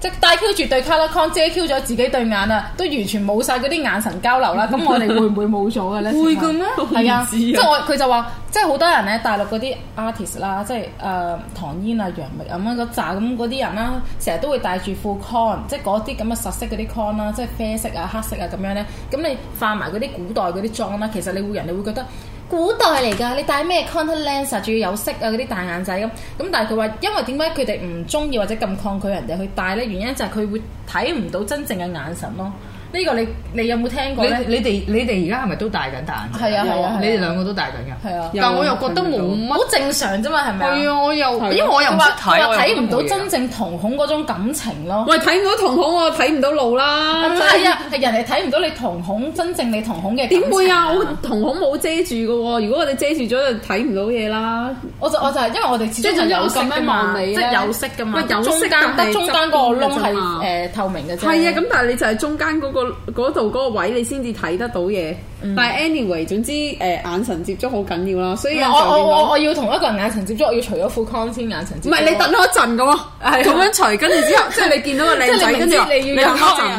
即係戴 Q 住對 color con 遮 Q 咗自己對眼啊，都完全冇晒嗰啲眼神交流啦。咁我哋會唔會冇咗嘅咧？ (laughs) 會嘅咩呢？係 (laughs) 知啊，即係我佢就話，即係好多人咧，大陸嗰啲 artist 啦，即係誒唐嫣啊、楊冪咁樣紮咁嗰啲人啦，成日都會戴住副 con，即係嗰啲咁嘅實色嗰啲 con 啦，即係啡色啊、黑色啊咁樣咧。咁你化埋嗰啲古代嗰啲妝啦，其實你會人哋會覺得。古代嚟㗎，你戴咩 contact lens 啊，仲要有色啊嗰啲大眼仔咁，咁但係佢話，因為點解佢哋唔中意或者咁抗拒人哋去戴咧？原因就係佢會睇唔到真正嘅眼神咯。呢個你你有冇聽過？你哋你哋而家係咪都戴緊戴眼？係啊係啊！你哋兩個都戴緊㗎。係啊，但我又覺得冇乜，好正常啫嘛，係咪啊？係啊，我又因為我又唔睇唔到真正瞳孔嗰種感情咯。喂，睇唔到瞳孔，我睇唔到路啦。係啊，人哋睇唔到你瞳孔真正你瞳孔嘅。點會啊？我瞳孔冇遮住嘅喎，如果我哋遮住咗就睇唔到嘢啦。我就我就係因為我哋即係有色嘅嘛，即係有色嘅嘛。唔，有色，得中間個窿係誒透明嘅啫。係啊，咁但係你就係中間嗰個。嗰度嗰個位你先至睇得到嘢，但係 anyway 總之誒眼神接觸好緊要啦，所以我要同一個人眼神接觸，我要除咗副框先眼神接。唔係你等多陣咁咯，係咁樣除，跟住之後即係你見到個靚仔，跟住你要等多陣，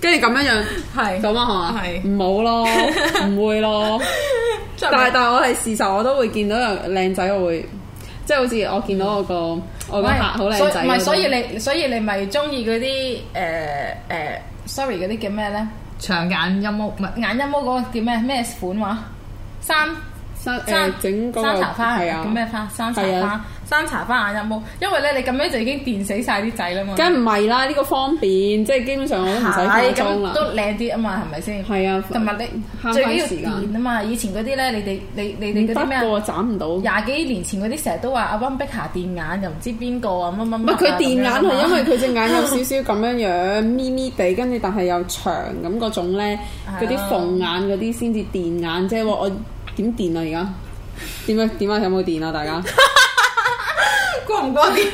跟住咁樣樣係咁啊嘛，係唔好咯，唔會咯，但係但係我係事實我都會見到個靚仔，我會。即係好似我見到我個我個客好靚仔，唔係，所以你所以你咪中意嗰啲誒誒，sorry 嗰啲叫咩咧？長眼陰毛唔係眼陰毛嗰個叫咩咩款話、啊？山山誒整嗰個係啊，啊叫咩花？山茶花。翻查翻眼有冇？因為咧，你咁樣就已經電死晒啲仔啦嘛！梗唔係啦，呢、呢個方便，即係基本上我都唔使化妝啦。啊、都靚啲啊嘛，係咪先？係啊，同埋你時最緊要電啊嘛！以前嗰啲咧，你哋你你你嗰啲咩唔到。廿幾年前嗰啲成日都話阿溫碧霞電眼，又唔知邊個啊乜乜乜。佢、啊、電眼係因為佢隻眼有少少咁樣樣 (laughs) 咪咪地，跟住但係又長咁嗰種咧，嗰啲 (laughs) 鳳眼嗰啲先至電眼啫 (laughs) 我點電啊而家？點啊點解？有冇電啊大家？ (laughs) 關唔關啲？怪怪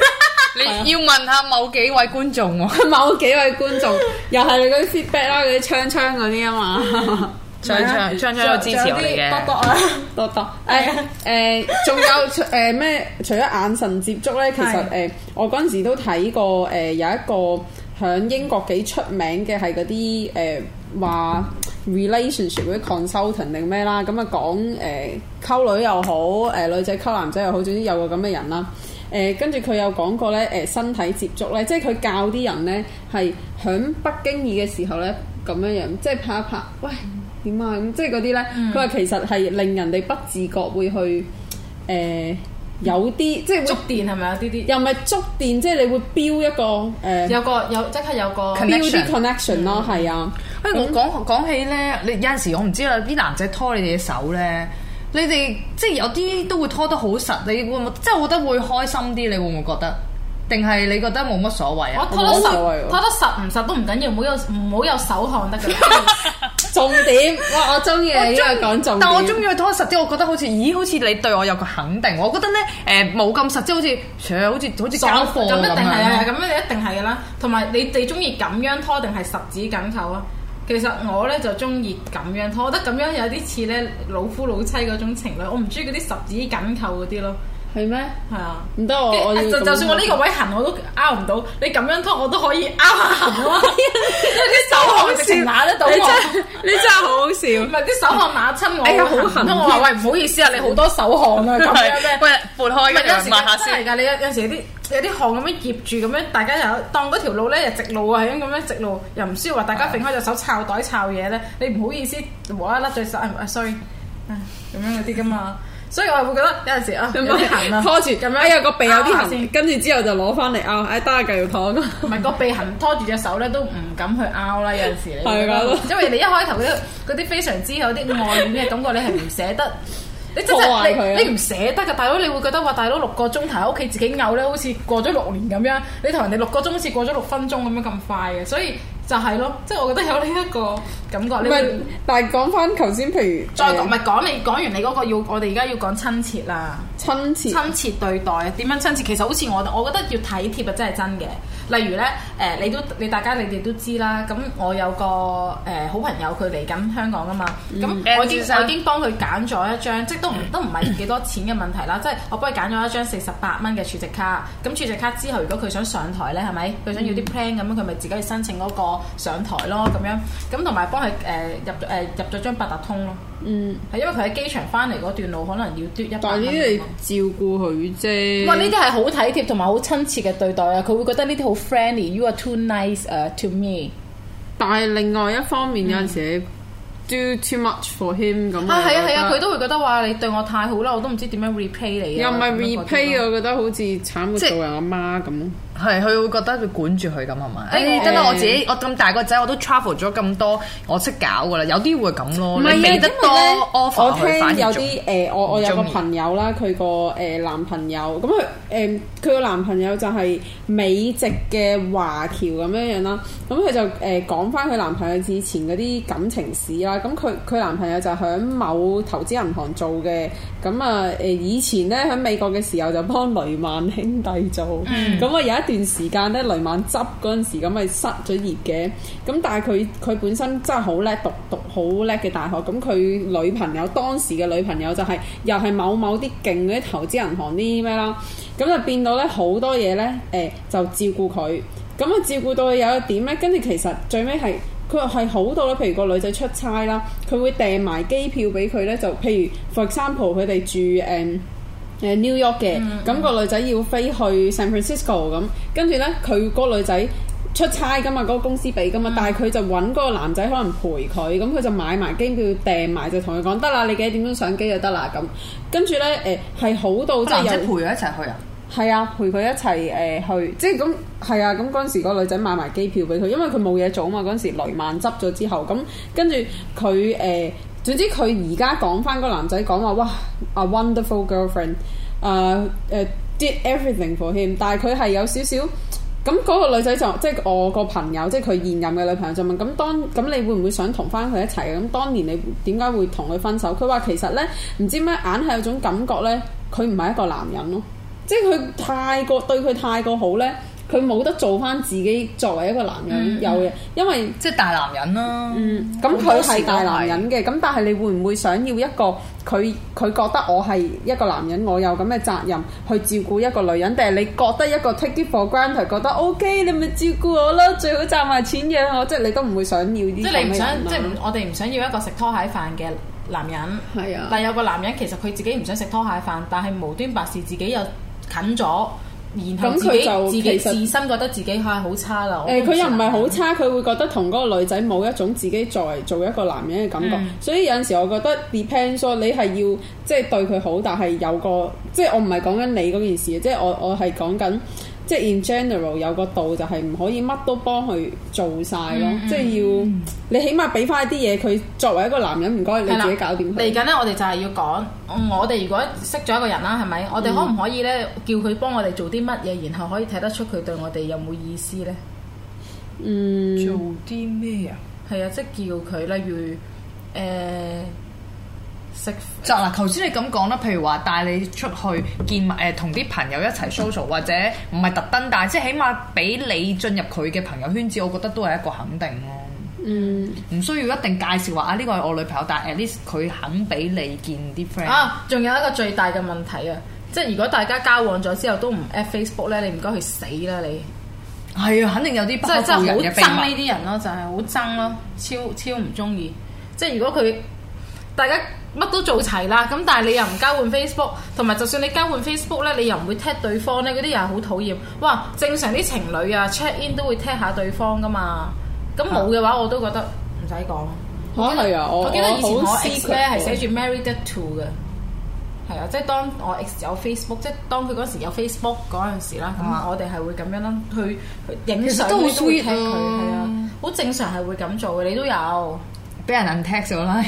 (laughs) 你要問下某幾位觀眾喎，某幾位觀眾 (laughs) 又係你嗰啲 feedback 啦，嗰啲槍槍嗰啲啊嘛，槍槍槍槍都支持我哋嘅，多多啊，多多，誒誒、 (laughs) 哎，仲、呃、有誒咩？除咗，呃呃、眼神接觸咧，其實誒、 (laughs) 呃，我嗰陣時都睇過誒、呃，有一個響英國幾出名嘅係嗰啲誒話。relationship 啲 consultant 定咩啦？咁啊講誒溝女又好，誒、呃、女仔溝男仔又好，總之有個咁嘅人啦。誒跟住佢有講過咧，誒、呃、身體接觸咧，即係佢教啲人咧係響不經意嘅時候咧，咁樣樣，即係拍一拍，喂點啊咁，即係嗰啲咧。佢話、嗯、其實係令人哋不自覺會去誒、呃、有啲即係觸電係咪啊？啲啲又唔係觸電，即係你會標一個誒、呃、有個有即刻有個 connection connection 咯，係啊。嗯、如不如我講講起咧，你有陣時我唔知啦，啲男仔拖你哋嘅手咧，你哋即係有啲都會拖得好實，你會唔會即係我覺得會開心啲？你會唔會覺得？定係你覺得冇乜所謂啊？我拖得實會，拖得實唔實都唔緊要，唔好有唔好有手汗得噶 (laughs) 重點，哇我我中意，我中意講重點但我中意佢拖得實啲，我覺得好似，咦，好似你對我有個肯定。我覺得咧，誒、呃，冇咁實，即係好似，好似好似解咁一定係啊，係咁樣，一定係噶啦。同埋你哋中意咁樣拖定係十指緊扣啊？其實我咧就中意咁樣，我覺得咁樣有啲似咧老夫老妻嗰種情侶，我唔中意嗰啲十指緊扣嗰啲咯。係咩？係啊！唔得我，就就算我呢個位行我都拗唔到，你咁樣拖我都可以拗下行啊！因為啲手汗直情拿得到，你真係你真係好好笑。唔係啲手汗碼親我，好痕。我話喂，唔好意思啊，你好多手汗啊咁樣咩？喂，撥開人，抹下先。噶你有有時有啲有啲汗咁樣夾住咁樣，大家又當嗰條路咧又直路啊咁樣，直路又唔需要話大家搵開隻手抄袋抄嘢咧，你唔好意思，我一甩咗晒，sorry，咁樣嗰啲噶嘛。所以我係會覺得有陣時啊，有啲痕啊，拖住咁樣，因、啊、為個鼻有啲痕，跟住之後就攞翻嚟拗，哎、啊，打、啊、下繼續躺。唔係個鼻痕 (laughs) 拖住隻手咧，都唔敢去拗啦。有陣時你係噶， (laughs) 因為你一開頭嗰啲非常之有啲愛戀嘅感覺，你係唔捨得， (laughs) 你真係壞你你唔捨得嘅大佬，你會覺得話大佬六個鐘頭喺屋企自己拗咧，好似過咗六年咁樣。你同人哋六個鐘好似過咗六分鐘咁樣咁快嘅，所以。就係咯，即係我覺得有呢一個感覺。唔係，你會，但係講翻頭先，譬如再講說，唔係講你講完你嗰個要，我哋而家要講親切啦，親切親切，對待點樣親切？其實好似我，我覺得要體貼啊，真係真嘅。例如咧，誒、呃、你都你大家你哋都知啦，咁我有個誒、呃、好朋友佢嚟緊香港啊嘛，咁、嗯、我已經我已經幫佢揀咗一張，嗯、即係都唔都唔係幾多錢嘅問題啦，嗯、即係我幫佢揀咗一張四十八蚊嘅儲值卡，咁儲值卡之後如果佢想上台咧，係咪佢想要啲 plan 咁樣，佢咪、嗯、自己去申請嗰個上台咯，咁樣，咁同埋幫佢誒、呃、入誒、呃、入咗張八達通咯。嗯，係因為佢喺機場翻嚟嗰段路可能要嘟一百蚊。但呢啲係照顧佢啫。哇！呢啲係好體貼同埋好親切嘅對待啊，佢會覺得呢啲好 friendly。You are too nice、uh, to me。但係另外一方面、嗯、有陣時你 do too much for him 咁啊。係啊係啊，佢、啊啊、都會覺得話你對我太好啦，我都唔知點 re、啊、re 樣 repay 你。又唔係 repay，我覺得好似慘過做人阿即媽咁。係，佢會覺得佢管住佢咁係咪？誒，哎、呦真係我自己，我咁大個仔，我都 travel 咗咁多，我識搞㗎啦。有啲會咁咯。唔係啊，得多因為我多 off 我聽有啲誒、呃，我我有個朋友啦，佢個誒男朋友咁佢誒佢個男朋友、呃、男朋友就係美籍嘅華僑咁樣樣啦。咁佢就誒、呃、講翻佢男朋友之前嗰啲感情史啦。咁佢佢男朋友就喺某投資銀行做嘅。咁啊誒以前咧喺美國嘅時候就幫雷曼兄弟做。咁啊、嗯、有一段時間咧，雷曼執嗰陣時咁咪失咗業嘅，咁但係佢佢本身真係好叻，讀讀好叻嘅大學，咁佢女朋友當時嘅女朋友就係、是、又係某某啲勁嗰啲投資銀行啲咩啦，咁就變到咧好多嘢咧，誒、呃、就照顧佢，咁啊照顧到佢有一點咧，跟住其實最尾係佢係好多啦，譬如個女仔出差啦，佢會訂埋機票俾佢咧，就譬如 for example，佢哋住誒。呃誒 New York 嘅，咁、嗯、個女仔要飛去 San Francisco 咁，跟住呢，佢嗰個女仔出差噶嘛，嗰、嗰個公司俾噶嘛，嗯、但係佢就揾嗰個男仔可能陪佢，咁佢就買埋機票訂埋，就同佢講得啦，你幾點鐘上機就得啦咁。跟住呢，誒係好到即係陪佢一齊去啊，係啊，陪佢一齊誒、呃、去，即係咁係啊，咁嗰陣時嗰個女仔買埋機票俾佢，因為佢冇嘢做啊嘛，嗰陣時雷曼執咗之後，咁跟住佢誒。總之佢而家講翻個男仔講話，哇，啊，wonderful girlfriend，啊，誒，did everything for him，但係佢係有少少，咁、嗯、嗰、嗰個女仔就即係我個朋友，即係佢現任嘅女朋友就問，咁、嗯、當咁、嗯、你會唔會想同翻佢一齊？咁、嗯、當年你點解會同佢分手？佢話其實呢，唔知咩眼係有種感覺呢，佢唔係一個男人咯，即係佢太過對佢太過好呢。佢冇得做返自己作為一個男人有嘅，嗯嗯、因為即係大男人啦、啊。嗯，咁佢係大男人嘅，咁但係你會唔會想要一個佢佢覺得我係一個男人，我有咁嘅責任去照顧一個女人，定係你覺得一個 take it for granted，覺得 O、okay, K，你咪照顧我咯，最好賺埋錢嘅。我、嗯，即係你都唔會想要啲。即係你唔想，即係我哋唔想要一個食拖鞋飯嘅男人。係啊，但有個男人其實佢自己唔想食拖鞋飯，但係無端白事自己又近咗。咁佢就自己其實自身覺得自己係好差啦。誒、欸，佢又唔係好差，佢、嗯、會覺得同嗰個女仔冇一種自己作為做一個男人嘅感覺，嗯、所以有陣時我覺得 depends，你係要即係、就是、對佢好，但係有個即係、就是、我唔係講緊你嗰件事，即、就、係、是、我我係講緊。即係 in general 有個度就係唔可以乜都幫佢做晒咯，mm hmm. 即係要你起碼俾翻一啲嘢佢作為一個男人，唔該你自己搞掂嚟緊咧，我哋就係要講我哋如果識咗一個人啦，係咪？我哋可唔可以咧叫佢幫我哋做啲乜嘢，然後可以睇得出佢對我哋有冇意思咧？嗯、mm，hmm. 做啲咩啊？係啊，即係叫佢例如誒。呃就嗱，頭先你咁講啦，譬如話帶你出去見誒，同啲朋友一齊 social 或者唔係特登但帶，即係起碼俾你進入佢嘅朋友圈子，我覺得都係一個肯定咯。嗯，唔需要一定介紹話啊，呢個係我女朋友，但 at least 佢肯俾你見啲 friend。啊，仲有一個最大嘅問題啊，即係如果大家交往咗之後都唔 at Facebook 咧、嗯，你唔該去死啦你！係啊、哎，肯定有啲即係即係好憎呢啲人咯，就係好憎咯，超超唔中意。即係如果佢大家。乜都做齊啦，咁但係你又唔交換 Facebook，同埋就算你交換 Facebook 咧，你又唔會 tag 對方咧，嗰啲人好討厭。哇，正常啲情侶啊 check in 都會 tag 下對方㗎嘛，咁冇嘅話我都覺得唔使講。嚇係啊，我我記得以前我 ex 咧係寫住 married to 嘅，係啊，即係當我 ex 有 Facebook，即係當佢嗰時有 Facebook 嗰陣時啦，我哋係會咁樣啦去影相都會 tag 佢，係啊，好正常係會咁做嘅，你都有俾人 untag 咗啦。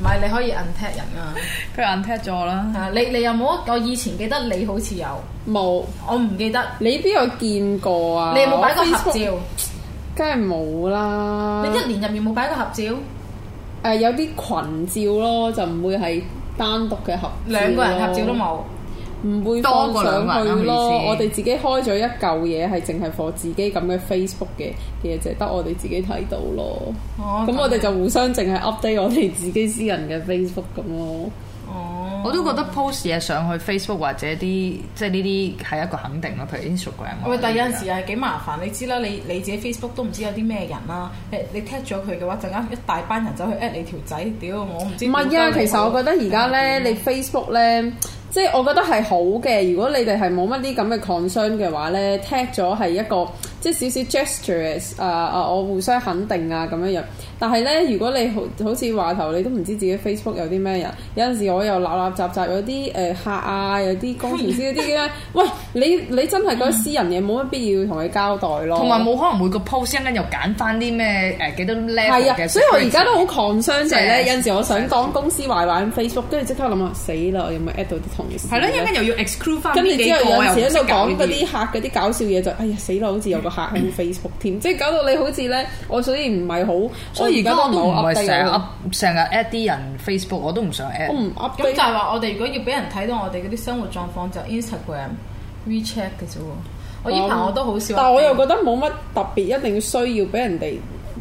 唔係你可以 untag 人啊！佢 untag 咗我啦。你你有冇？我以前記得你好似有冇？沒我唔記得。你邊有見過啊？你有冇擺過合照？梗係冇啦。你一年入面冇擺過合照？誒，有啲群照咯，就唔會係單獨嘅合照。兩個人合照都冇。唔會放上去咯，我哋自己開咗一嚿嘢，係淨係放自己咁嘅 Facebook 嘅嘅嘢，就得我哋自己睇到咯。哦，咁我哋就互相淨係 update 我哋自己私人嘅 Facebook 咁咯。哦，我都覺得 post 嘢上去 Facebook 或者啲，即係呢啲係一個肯定咯。譬如 Instagram，喂，但係有陣時係幾麻煩，你知啦，你你自己 Facebook 都唔知有啲咩人啦。誒，你 tag 咗佢嘅話，陣間一大班人走去 at 你條仔，屌我唔知。唔係啊，其實我覺得而家咧，嗯、你 Facebook 咧。即係我覺得係好嘅，如果你哋係冇乜啲咁嘅 concern 嘅話呢，踢咗係一個。即係少少 gestures 啊啊！我互相肯定啊咁樣樣。但係咧，如果你好好似話頭，你都唔知自己 Facebook 有啲咩人。有陣時我又攤攤雜雜，有啲誒、呃、客啊，有啲工程師嗰啲咁喂，你你真係覺得私人嘢，冇乜必要同佢交代咯。同埋冇可能每個 post 會一陣又揀翻啲咩誒幾多叻嘅。係啊，所以我而家都好 concern，就係咧有陣時我想講公司壞話 Facebook，跟住即刻諗下、啊啊、死啦！我有咪 add 到啲同事？係咯、啊，一陣間又要 exclude 翻。跟住之後有陣時喺度講嗰啲客嗰啲搞笑嘢，就哎呀死啦！好似有、嗯。客喺 Facebook 添，即係搞到你好似咧，我所以唔係好，所以而家我唔係成日 at 成日 add 啲人 Facebook 我都唔想 add 唔 at，咁就係話我哋如果要俾人睇到我哋嗰啲生活狀況就 Instagram、WeChat 嘅啫喎。我依排我都好少、嗯。但係我又覺得冇乜特別，一定要需要俾人哋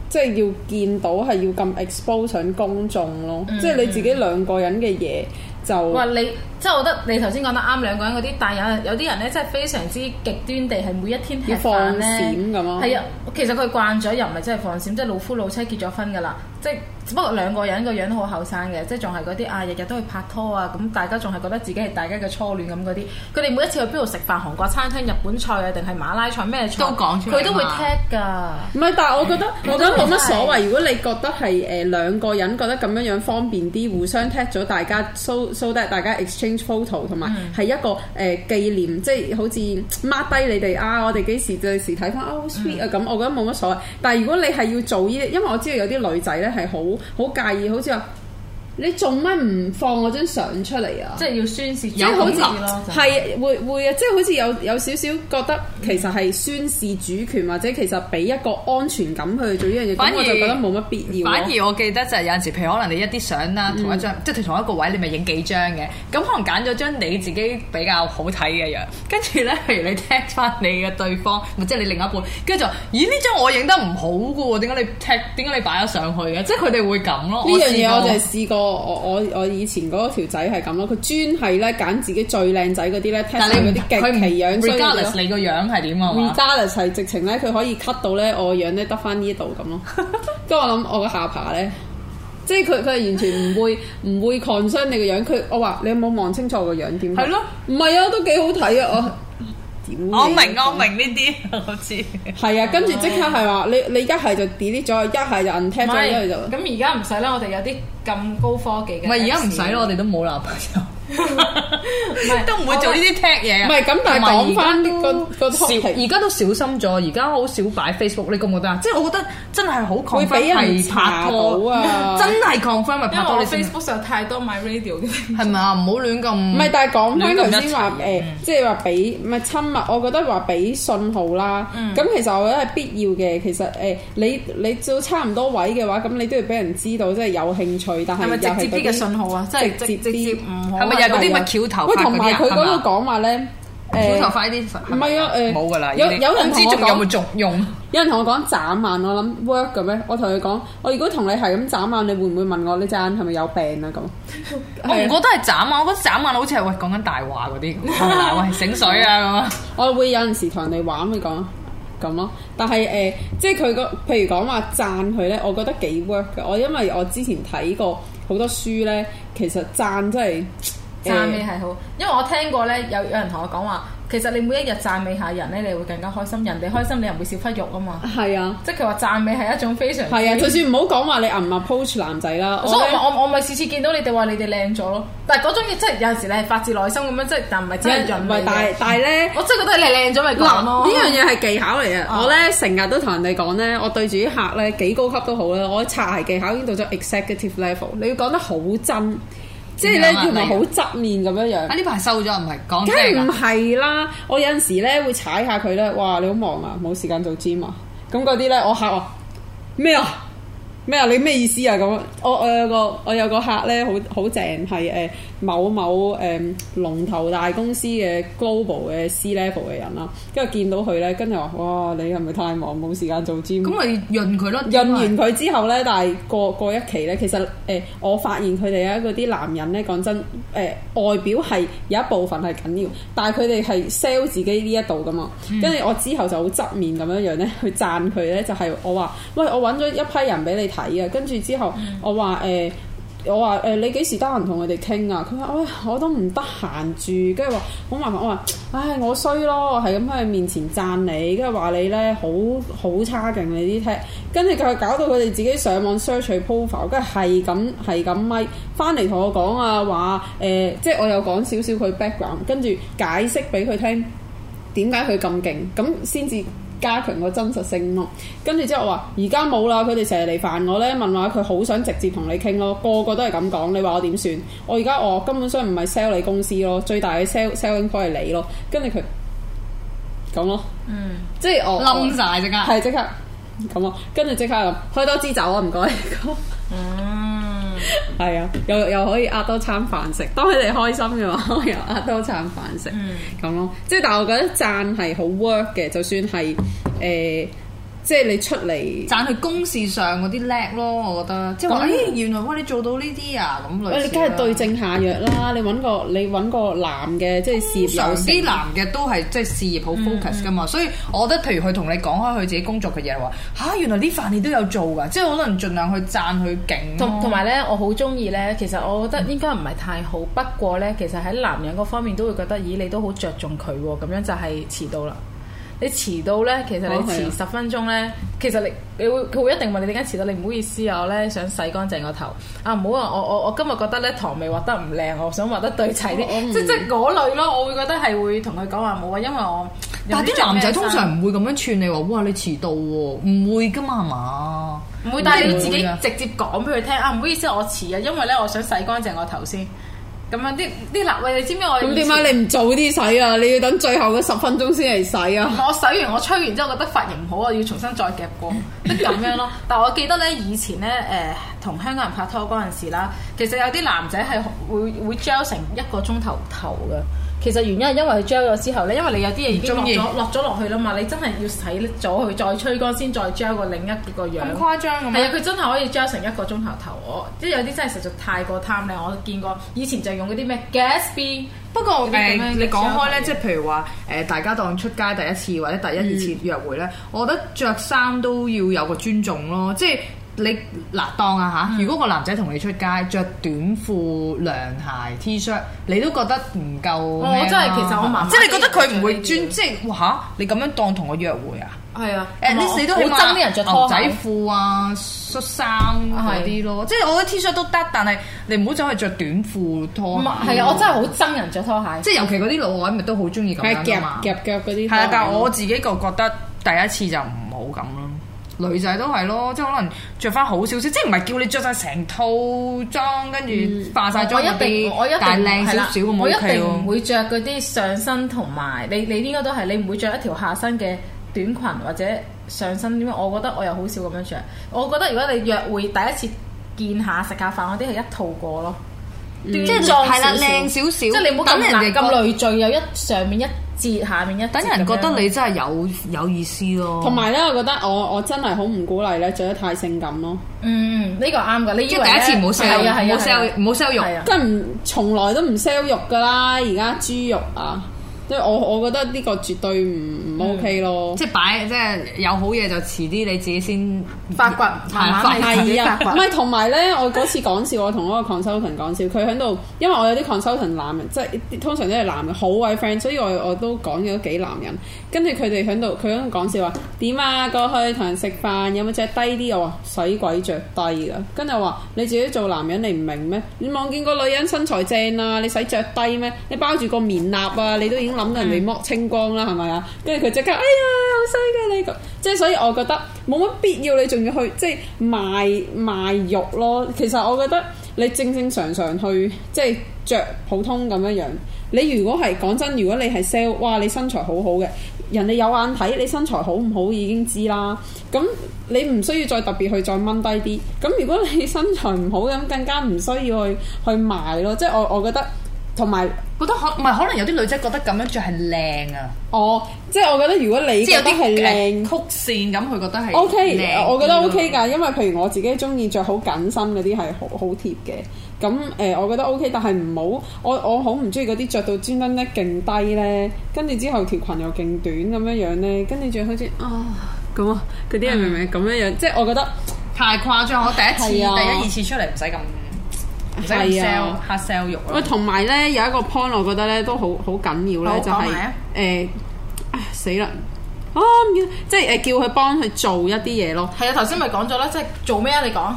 即係要見到係要咁 expose 上公眾咯，即係你自己兩個人嘅嘢就、嗯。嗯即係我覺得你頭先講得啱，兩個人嗰啲，但有有啲人咧，真係非常之極端地係每一天要放閃咧，係啊，其實佢慣咗又唔係真係放閃，即係老夫老妻結咗婚㗎啦，即係只不過兩個人個樣都好後生嘅，即係仲係嗰啲啊，日日都去拍拖啊，咁大家仲係覺得自己係大家嘅初戀咁嗰啲，佢哋每一次去邊度食飯，韓國餐廳、日本菜啊，定係馬拉菜咩菜，都講，佢都，都會 tag 㗎。唔係，但係我覺得、嗯嗯、我覺得冇乜所謂。如果你覺得係誒兩個人覺得咁樣樣方便啲，互相 tag 咗，大家收收得，so, so that，大家 exchange photo 同埋係一個誒紀念，即係好似 mark 低你哋啊，我哋幾時幾時睇翻啊，好 sweet 啊咁，我覺得冇乜所謂。但係如果你係要做呢啲，因為我知道有啲女仔咧係好好介意，好似話。你做乜唔放我張相出嚟啊？即係要宣示要，即係好似係會會啊！即係好似有有少少覺得其實係宣示主權，或者其實俾一個安全感去做呢樣嘢。反而反而我記得就係有陣時，譬如可能你一啲相啦，同一張即係同一個位，你咪影幾張嘅。咁可能揀咗張你自己比較好睇嘅樣，跟住咧，譬如你 t e 翻你嘅對方，即係你另一半，跟住就咦呢張我影得唔好嘅喎？點解你踢？e 點解你擺咗上去嘅？即係佢哋會咁咯。呢樣嘢我就試是過。我我我我以前嗰條仔係咁咯，佢專係咧揀自己最靚仔嗰啲咧，睇上嗰啲極皮樣。Regardless 你個樣係點啊？Regardless 係直情咧，佢可以 cut 到咧， (laughs) 我樣咧得翻呢度咁咯。跟住我諗，我個下巴咧，即係佢佢係完全唔會唔 (laughs) 會 concern 你個樣,樣,樣。佢我話你有冇望清楚個樣？點？係咯，唔係啊，都幾好睇啊，我。 (laughs) 我明我明呢啲，好似係啊，跟住即刻係話你你一係就 delete 咗，一係就 untag 咗，一係不就咁，而家唔使啦，我哋有啲咁高科技嘅，唔係而家唔使啦， (laughs) 我哋都冇男朋友。都唔會做呢啲 tag 嘢。唔係咁，但係講翻個小，而家都小心咗。而家好少擺 Facebook，你覺唔覺得啊？即係我覺得真係好狂，會俾人拍到啊！真係 confirm 咪拍拖，因為我哋 Facebook 上太多 my radio 嘅，係咪啊？唔好亂咁。唔係，但係講翻頭先話誒，即係話俾唔係親密。我覺得話俾信號啦。咁其實我覺得係必要嘅。其實誒，你你做差唔多位嘅話，咁你都要俾人知道，即係有興趣。但係係咪直接嘅信號啊，即係直接直接唔可。係啲咪翹頭快同埋佢嗰個講話咧，翹頭快啲，唔係啊，誒冇噶啦。呃、有有人知仲有冇作用？有人同我講眨眼，眼，我諗 work 咁咩？我同佢講，我如果同你係咁眨眼，你會唔會問我你隻眼係咪有病啊？咁我唔是、啊、覺得係眨眼，我覺得眨眼好似係喂講緊大話嗰啲，喂醒水啊咁 (laughs) (laughs) 我會有陣時同人哋玩咪講咁咯，但係誒、呃，即係佢個譬如講話讚佢咧，我覺得幾 work 嘅。我因為我之前睇過好多書咧，其實讚真係。讚美係好，因為我聽過咧，有有人同我講話，其實你每一日讚美下人咧，你會更加開心，人哋開心，你又唔會少忽肉啊嘛。係啊，即係佢話讚美係一種非常係啊，就算唔好講話你暗罵 post 男仔啦。Okay, 所以我我咪次次見到你哋話你哋靚咗咯，但係嗰種嘢即係有陣時你係發自內心咁樣，即係但唔係只係人。唔但係咧，呢我真係覺得你靚咗咪男咯。呢樣嘢係技巧嚟嘅。哦、我咧成日都同人哋講咧，我對住啲客咧幾高級都好啦，我擦鞋技巧已經到咗 executive level，你要講得好真。即係咧，唔係好側面咁樣樣。啊麼，呢排瘦咗唔係，梗係唔係啦！我有陣時咧會踩下佢咧，哇！你好忙啊，冇時間做 gym 啊。咁嗰啲咧，我嚇我咩啊？咩啊？你咩意思啊？咁我我有個我有個客咧，好好正係誒某某誒、呃、龍頭大公司嘅 global 嘅 C level 嘅人啦。跟住見到佢咧，跟住話：「哇！你係咪太忙冇時間做 gym？咁咪潤佢咯。潤完佢之後咧，但係過過一期咧，其實誒、呃，我發現佢哋有一嗰啲男人咧，講真誒、呃，外表係有一部分係緊要，但係佢哋係 sell 自己呢一度噶嘛。跟住、嗯、我之後就好側面咁樣樣咧去讚佢咧，就係、是、我話：喂，我揾咗一批人俾你。跟住之後我、呃，我話誒，我話誒，你幾時得閒同佢哋傾啊？佢話、哎，我都唔得閒住，跟住話好麻煩。我話：唉，我衰咯，我係咁喺佢面前讚你，跟住話你呢，好好差勁，你啲 t e 跟住佢搞到佢哋自己上網 search profile，跟住係咁係咁咪翻嚟同我講啊話誒、呃，即係我有講少少佢 background，跟住解釋俾佢聽點解佢咁勁，咁先至。加強個真實性咯，跟住之後話而家冇啦，佢哋成日嚟煩我咧，問話佢好想直接同你傾咯，個個都係咁講，你話我點算？我而家我根本上唔係 sell 你公司咯，最大嘅 sell selling point 係你咯，跟住佢咁咯，嗯，即係我冧晒即刻，係即刻咁咯，跟住即刻開多支酒啊，唔該。嗯係 (laughs) 啊，又又可以呃多餐飯食，當佢哋開心嘅話，又呃多餐飯食，咁、嗯、咯。即係，但係我覺得讚係好 work 嘅，就算係誒。呃即係你出嚟讚佢公事上嗰啲叻咯，我覺得。即係、嗯、咦，原來哇，你做到呢啲啊咁類似。喂，你梗係對症下藥啦！嗯、你揾個你揾個男嘅，即係事業。通常啲男嘅都係即係事業好 focus 噶嘛，嗯、所以我覺得，譬如佢同你講開佢自己工作嘅嘢話，嚇、啊、原來呢份你都有做㗎，即係好多人盡量去讚佢勁。同埋咧，我好中意咧，其實我覺得應該唔係太好，不過咧，其實喺男人嗰方面都會覺得，咦，你都好着重佢喎，咁樣就係遲到啦。你遲到咧，其實你遲十分鐘咧，哦啊、其實你你會佢會一定問你點解遲到？你唔好意思啊，我咧想洗乾淨個頭啊，唔好啊，我我我今日覺得咧唐眉畫得唔靚，我想畫得對齊啲，哦嗯、即即嗰類咯，我會覺得係會同佢講話冇啊，因為我了穿了穿但啲男仔通常唔會咁樣串你話，哇你遲到喎、啊，唔會噶嘛係嘛？唔會，但係你要自己直接講俾佢聽啊，唔好意思，我遲啊，因為咧我想洗乾淨個頭先。咁樣啲啲男嘅，你知唔知我？咁點解你唔早啲洗啊？你要等最後嘅十分鐘先嚟洗啊！ (laughs) 我洗完我吹完之後，覺得髮型唔好啊，要重新再夾過，即係咁樣咯。 (laughs) 但我記得咧，以前咧誒同香港人拍拖嗰陣時啦，其實有啲男仔係會會 gel 成一個鐘頭頭嘅。其實原因係因為佢 gel 咗之後咧，因為你有啲嘢已經落咗喜落咗落去啦嘛，你真係要洗咗佢再吹乾先再 gel 個另一個樣。咁誇張嘅咩？係啊，佢真係可以 gel 成一個鐘頭頭，我即係有啲真係實在太過貪靚，我都見過。以前就用嗰啲咩 Gatsby，不過誒、欸，你講開咧，即係譬如話誒，大家當出街第一次或者第一二次約會咧，嗯、我覺得着衫都要有個尊重咯，即係。你嗱當啊吓，如果個男仔同你出街，着短褲涼鞋 T-shirt，你都覺得唔夠。我真係其實好麻煩，即係你覺得佢唔會轉，即係哇！你咁樣當同我約會啊？係啊，誒、欸、你死為都好憎啲人着拖鞋仔褲啊、恤衫嗰啲咯。啊、即係我覺得 T-shirt 都得，但係你唔好走去着短褲拖鞋。係啊！我真係好憎人着拖鞋，即係尤其嗰啲老外咪都好鍾意咁樣、啊、夾，夾夾腳嗰啲。係啊，但係我自己就覺得第一次就唔好咁咯。女仔都係咯，即係可能着翻好少少，即係唔係叫你着晒成套裝，跟住化曬妝嗰啲，但係靚少少，冇問題。我一定會著嗰啲上身同埋，你你應該都係你唔會着一條下身嘅短裙或者上身點樣？我覺得我又好少咁樣着。我覺得如果你約會第一次見下食下飯嗰啲係一套過咯，嗯、即係是係啦，靚少少，即係你唔好咁人哋咁累贅，有一上面一。截下面一等人覺得你真係有有意思咯，同埋咧，我覺得我我真係好唔鼓勵咧，着得太性感咯。嗯，呢、呢個啱嘅，你因為呢第一次唔好 sell 冇 sell，冇 sell 肉，跟唔從來都唔 sell 肉㗎啦，而家豬肉啊。嗯即係我，我覺得呢個絕對唔唔 OK 咯。嗯、即係擺，即係有好嘢就遲啲你自己先發掘，慢慢嚟。唔係同埋咧，我嗰次講笑，我同嗰個 consultant 講笑，佢喺度，因為我有啲 consultant 男嘅，即係通常都係男嘅，好鬼 friend，所以我我都講咗幾男人。跟住佢哋喺度，佢喺度講笑話，點啊？過去同人食飯，有冇著低啲啊？話使鬼着低㗎！跟住我話，你自己做男人你唔明咩？你望見個女人身材正啊，你使着低咩？你包住個棉襪啊，你都已經～諗人哋剝清光啦，係咪啊？跟住佢即刻，哎呀，好犀利！咁即係，所以我覺得冇乜必要，你仲要去即係賣賣肉咯。其實我覺得你正正常常去即係着普通咁樣樣。你如果係講真，如果你係 sell，哇，你身材好好嘅，人哋有眼睇，你身材好唔好已經知啦。咁你唔需要再特別去再掹低啲。咁如果你身材唔好，咁更加唔需要去去賣咯。即係我我覺得同埋。覺得可唔係可能有啲女仔覺得咁樣着係靚啊？哦，即係我覺得如果你覺得即係有啲係靚曲線咁，佢覺得係 O K，我覺得 O K 㗎。因為譬如我自己中意着好緊身嗰啲係好好貼嘅。咁誒、呃，我覺得 O、okay, K，但係唔好我我好唔中意嗰啲着到專登咧勁低咧，跟住之後條裙又勁短咁、哦、樣、啊、是明明是樣咧，跟住仲好似啊咁啊嗰啲，人明唔明？咁樣樣即係我覺得太誇張。我第一次、哎、呀第一二次出嚟唔使咁。係啊，下 sell 肉。喂，同埋咧，有一個 point，我覺得咧都呢好好緊要咧，就係、是、誒，死啦、呃、啊！即係誒、呃，叫佢幫佢做一啲嘢咯。係啊，頭先咪講咗啦，即係做咩啊？你講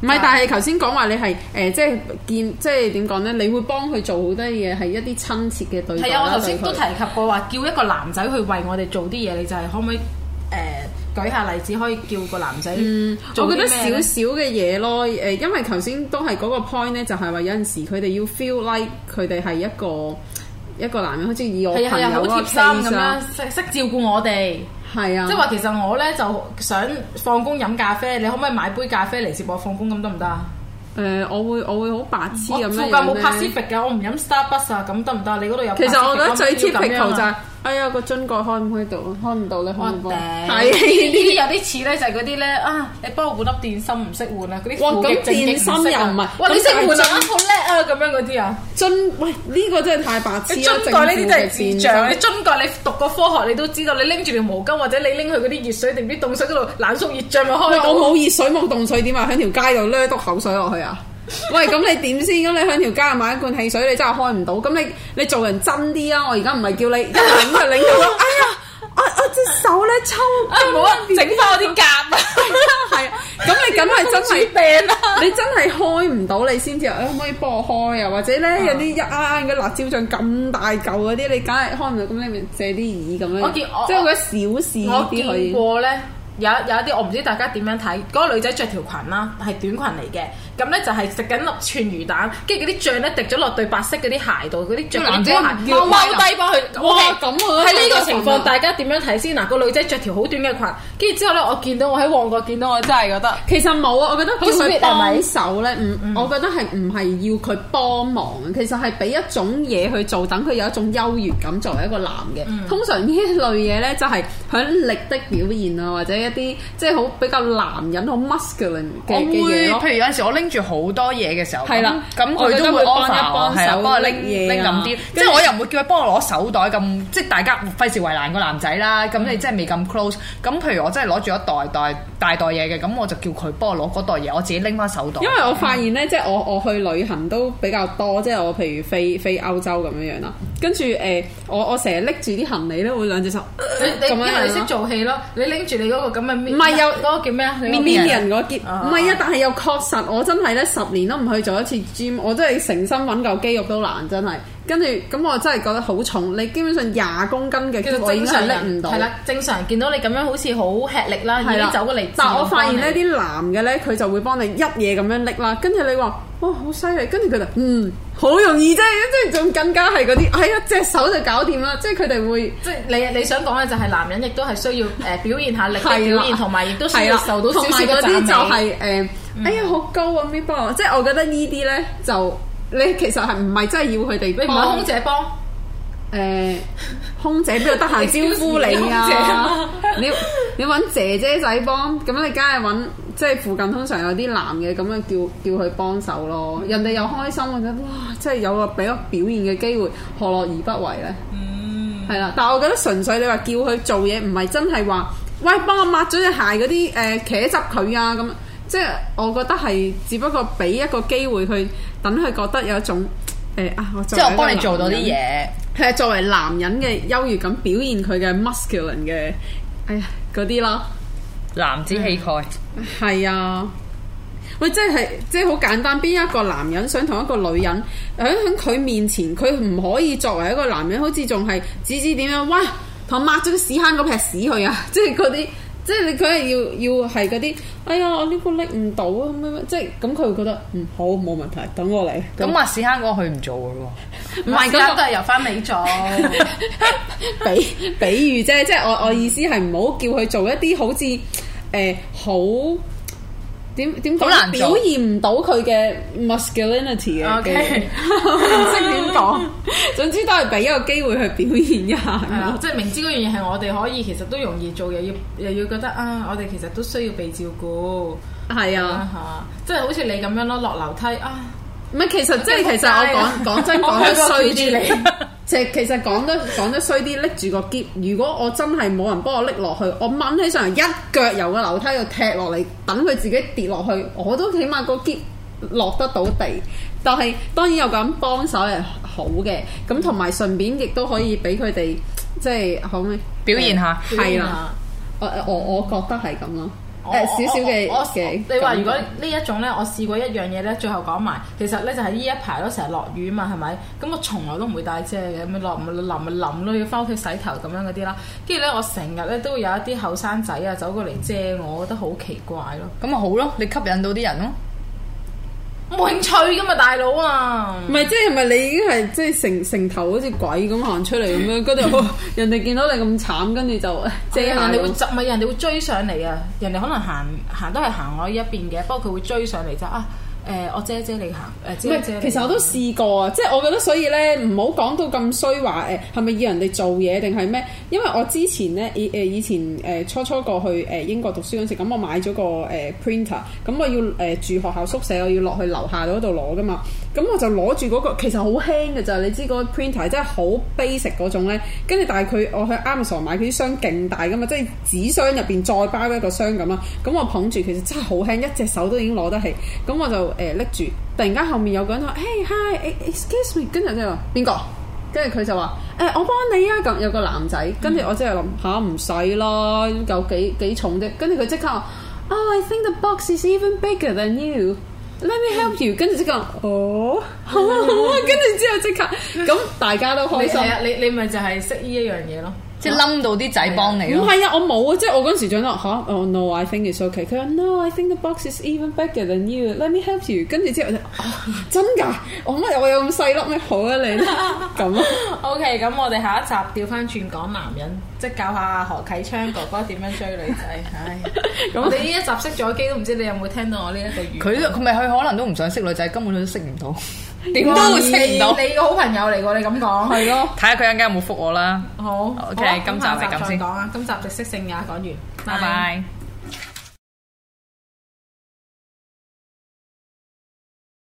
唔係？但係頭先講話你係誒、呃，即係見，即係點講咧？你會幫佢做好多嘢，係一啲親切嘅對。係啊，我頭先都提及過話，叫一個男仔去為我哋做啲嘢，你就係可唔可以？舉下例子可以叫個男仔，我覺得少少嘅嘢咯。誒，因為頭先都係嗰個 point 咧，就係話有陣時佢哋要 feel like 佢哋係一個一個男人，好似以我朋友好貼心咁樣，識照顧我哋。係啊，即係話其實我咧就想放工飲咖啡，你可唔可以買杯咖啡嚟接我放工咁得唔得啊？誒，我會我會好白痴咁，哦、附近冇 Pacific 㗎，啊，我唔飲 Starbucks 啊，咁得唔得你嗰度有，啊、其實我覺得最 typical 就哎呀，個樽蓋開唔開到？開唔到你開唔到。係呢啲有啲似咧，就係嗰啲咧啊！你幫我換粒電芯唔識換啊？嗰啲副極正極唔識，唔係哇！你識換啊？好叻啊！咁樣嗰啲啊，樽，喂呢個真係太白痴，樽蓋呢啲都係智障。樽蓋你讀過科學你都知道，你拎住條毛巾或者你拎去嗰啲熱水定啲凍水嗰度冷縮熱漲咪開。我冇熱水冇凍水點啊？喺條街度咧督口水落去啊！喂，咁你點先？咁你喺條街買一罐汽水，你真係開唔到。咁你你做人真啲啊！我而家唔係叫你一零就拎到。哎呀，我我隻手咧抽，冇整翻我啲夾。係啊，咁你梗係真係、啊、你真係開唔到，你先至。可唔可以幫我開啊？或者咧有啲一啱啱嘅辣椒醬咁大嚿嗰啲，你梗係開唔到。咁你咪借啲耳咁樣。即見我即係嗰啲小事可以我。我見過咧。有有一啲我唔知大家點樣睇，嗰、嗰個女仔着條裙啦，係短裙嚟嘅，咁咧就係食緊粒串魚蛋，跟住嗰啲醬咧滴咗落對白色嗰啲鞋度，嗰啲著短鞋叫貓貓低翻去，哇咁啊！喺呢哇個情況、嗯、大家點樣睇先嗱？嗰個女仔着條好短嘅裙，跟住之後咧，我見到我喺旺角見到我真係覺得，其實冇啊，我覺得叫佢幫手咧，我覺得係唔係要佢幫忙、嗯、其實係俾一種嘢去做，等佢有一種優越感作為一個男嘅。嗯、通常呢一類嘢咧就係、是、喺力的表現啊，或者。一啲即係好比較男人好 muscular 嘅嘢咯。我會，譬如有陣時我拎住好多嘢嘅時候，係啦，咁佢都會幫一幫手，幫我拎嘢。拎咁啲。即係我又唔會叫佢幫我攞手袋咁，即係大家費事為難個男仔啦。咁你即係未咁 close。咁譬如我真係攞住一袋袋大袋嘢嘅，咁我就叫佢幫我攞嗰袋嘢，我自己拎翻手袋。因為我發現咧，即係我我去旅行都比較多，即係我譬如飛飛歐洲咁樣樣啦。跟住誒，我我成日拎住啲行李咧，會兩隻手。你你因為你識做戲咯，你拎住你嗰個。唔係有嗰、嗰個叫咩、嗰個、啊？面面人嗰結唔係啊！但係又確實，我真係咧，十年都唔去做一次 gym，我真係成身揾嚿肌肉都難，真係。跟住咁我真係覺得好重，你基本上廿公斤嘅，我應該係拎唔到。係啦、啊，正常見到你咁樣好似好吃力啦，而家了走過嚟。但我發現呢啲你男嘅咧，佢就會幫你一嘢咁樣拎啦。跟住你話哇，好犀利，跟住佢就嗯。好容易啫，即係仲更加係嗰啲，哎呀隻手就搞掂啦！即係佢哋會，即係你你想講嘅就係男人亦都係需要誒、呃，表現下力嘅一面，同埋了亦都需要受到了少少讚美同埋嗰啲就係、是、誒，哎呀，好高啊！咩幫？嗯、即係我覺得呢啲咧，就你其實係唔係真係要佢哋，唔係空姐幫。誒， (laughs) 空姐邊度得閒招呼你啊？ (laughs) 空姐啊 (laughs) 你你揾姐姐仔幫，咁你梗係揾即係附近通常有啲男嘅，咁樣叫叫佢幫手咯。人哋又開心，我覺得，哇！即係有個俾個表現嘅機會，何樂而不為呢？嗯，係啦。但係我覺得純粹你話叫佢做嘢，唔係真係話，喂，幫我抹咗隻鞋嗰啲誒茄汁佢啊！咁即係我覺得係只不過俾一個機會佢，等佢覺得有一種誒啊，呃、我即係幫你做到啲嘢。佢係作為男人嘅優越感表現的的，佢嘅 masculine 嘅哎呀嗰啲咯，男子氣概係、嗯、啊！喂，即係即係好簡單，邊一個男人想同一個女人喺喺佢面前，佢唔可以作為一個男人，好似仲係指指點樣哇，同抹咗個屎坑嗰撇屎去啊！即係嗰啲。即係你佢係要要係嗰啲，哎呀我呢個拎唔到啊，咁樣即係咁佢會覺得嗯，好冇問題，等我嚟。咁話試下嗰個佢唔做嘅喎，唔係嗰都係由翻你做。 (laughs) 比比喻啫，即係我我意思係唔好叫佢做一啲好似誒、呃、好。點點講表現唔到佢嘅 masculinity 啊？Okay，唔識點講，總之都係俾一個機會去表現一下。Yeah, (laughs) 即係明知嗰樣嘢係我哋可以，其實都容易做，又要又要覺得啊，我哋其實都需要被照顧。係啊，即係好似你咁樣咯，落樓梯啊。唔係，其實即係其實我講講真講得衰啲，你其 (laughs) (laughs) 其實講得講得衰啲，拎住個喼。如果我真係冇人幫我拎落去，我掹起上嚟一腳由個樓梯度踢落嚟，等佢自己跌落去，我都起碼個喼落得到地。但係當然有個人幫手係好嘅，咁同埋順便亦都可以俾佢哋即係可唔可以表現下、嗯，表現下，係啦，我我我覺得係咁咯。少少嘅，你話如果呢一種咧，我試過一樣嘢咧，最後講埋，其實咧就係呢一排咯，成日落雨嘛，係咪？咁我從來都唔會帶遮嘅，咪落咪淋咪淋咯，要返屋企洗頭咁樣嗰啲啦。跟住咧，我成日咧都會有一啲後生仔啊走過嚟遮，我覺得好奇怪咯。咁咪好咯，你吸引到啲人咯。冇興趣噶嘛、啊，大佬啊！唔係，即係唔係你已經係即係成成頭好似鬼咁行出嚟咁樣，嗰度 (laughs) 人哋見到你咁慘，跟住就即係人哋會執咪，人哋會，會追上嚟啊！人哋可能行行都係行我呢一邊嘅，不過佢會追上嚟就啊～誒、呃，我借借你行，誒、呃、借借。唔係，其實我都試過啊，即係、嗯、我覺得，所以咧唔好講到咁衰話誒，係、呃、咪要人哋做嘢定係咩？因為我之前咧以誒以前誒、呃、初初過去誒英國讀書嗰時，咁我買咗個誒、呃、printer，咁我要誒、呃、住學校宿舍，我要落去樓下嗰度攞㗎嘛。咁、嗯、我就攞住嗰個，其實好輕㗎咋，你知個 printer 真係好 basic 嗰種咧。跟住但係佢，我去 Amazon 買佢啲箱勁大噶嘛，即係紙箱入邊再包一個箱咁啦。咁我捧住其實真係好輕，一隻手都已經攞得起。咁我就誒拎住，突然間後面有個人話：y、hey, hi，excuse me。跟住之後邊個？跟住佢就話：誒、eh, 我幫你啊。咁有個男仔。跟住我真係諗下唔使囉，有幾幾重啫。跟住佢即刻話：oh I think the box is even bigger than you。Let me help you，跟住即刻，哦，好啊好啊，跟住之後即刻，咁 (laughs) 大家都開心。你、uh, 你咪就係識呢一樣嘢咯。即冧到啲仔幫你。唔係啊，我冇啊，即係我嗰陣時就話嚇 no I think it's okay。佢話 no I think the box is even bigger than you，let me help you。跟住之後我真㗎，我乜我有咁細粒咩？好啊，你。咁 OK 咁我哋下一集調翻轉講男人，即係教下何啟昌哥哥點樣追女仔。唉，咁你呢一集熄咗機都唔知你有冇聽到我呢一句。佢都佢咪佢可能都唔想識女仔，根本佢都識唔到。點都會識唔到，你個好朋友嚟嘅，你咁講係咯？睇下佢一陣間有冇覆我啦。好，OK，好、啊、今集就咁先。講啊，今集就識性呀講完，拜拜 bye。Bye bye